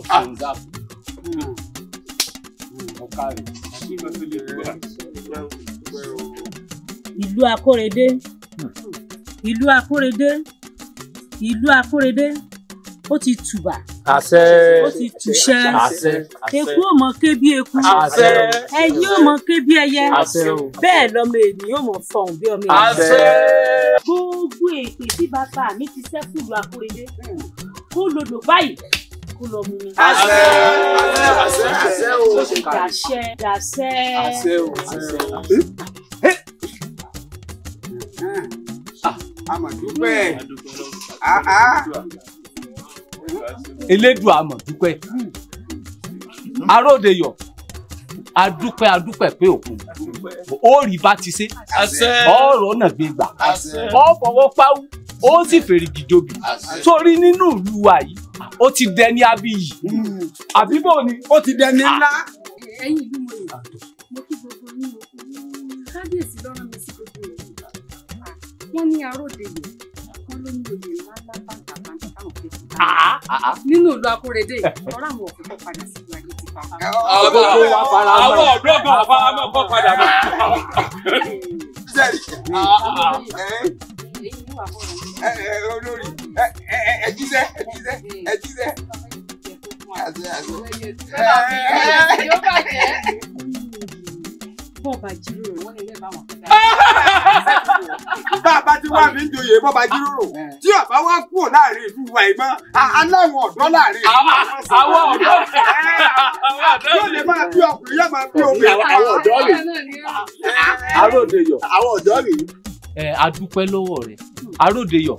ọ̀sán zapu hmm. hmm. ọ̀kárì kí ló tún lè kú ìlú akórèdé ìlú akórèdé ìlú akórèdé ó ti tùbà. àṣẹ ó ti tùṣẹ. àṣẹ eku ò mọ ké bí eku. àṣẹ ẹyẹ ò mọ ké bí ẹyẹ. àṣẹ o bẹ́ẹ̀ lọ́mọ ènìyàn ò fọhùn bí ọmọ ènìyàn. gbogbo èpè tí mi ti sẹ́kùlù akórèdé kó lodò báyìí kálukú lọ mú mi. àṣẹ àṣẹ àṣẹ o dàṣẹ dàṣẹ àṣẹ o àṣẹ. àmọ̀dúpẹ́ elédùn àmọ̀dúpẹ́ aróòdeyọ̀ adúpẹ́ adúpẹ́ pé òkun ó rí bá ti ṣe ọ̀rọ̀ náà gbé gbà ó fọwọ́ páwú ó sì fèrè gìdóbi sórí nínú ìlú wa yìí ó ti dẹni abiyì àbíbò ni. ó ti dẹni ńlá. ẹ̀yin ìlú mo lè mo kí gbogbo yín o kábíyèsí lọ́rọ̀ mi sí gbogbo èyí wọ́n ní aróde yìí wọ́n ló ní oyè ńlá ńlá bàtà bàtà táwọn kejì nínú ìlú akúrédé ọ̀rọ̀ àwọn ọ̀fẹ́ kọ́ padà sí ìlú ayé ti pa pa. àwọn ọ̀dọ́ kan fara mọ́ àwọn ọ̀dọ́ kan fara mọ́ kọ́ padà mọ́. olórí ẹ jíṣẹ́ ẹ jíṣẹ́ ẹ jíṣẹ́. yóò bàjẹ́ bọ́ọ̀ bá jíròrò wọ́n lè lè bá wọn bá a bá ti wá mi ń joyè bọ́ bá jíròrò tí ọba wá kúrò láàrin ìlú wa ìmọ̀ aláwọ̀ ọ̀dọ́ láàrin ìlú wa. àwọn ọ̀dọ́ yóò lè máa bí ọkùnrin yóò máa bí obìnrin. àwọn ọ̀dọ́ rè é àròdeyọ̀. àwọn ọ̀dọ́ rè é. ẹ a dúpẹ́ lọ́wọ́ rẹ̀ àròdeyọ̀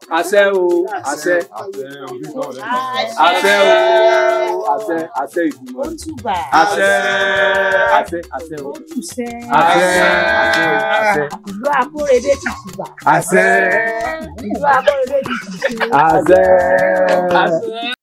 àṣẹ o àṣẹ àṣẹ o àṣẹ àṣẹ ìgbìmọ̀ àṣẹ àṣẹ àṣẹ o àṣẹ àṣẹ ìlú akórèdé ti tùbà àṣẹ ìlú akórèdé ti tùbà àṣẹ.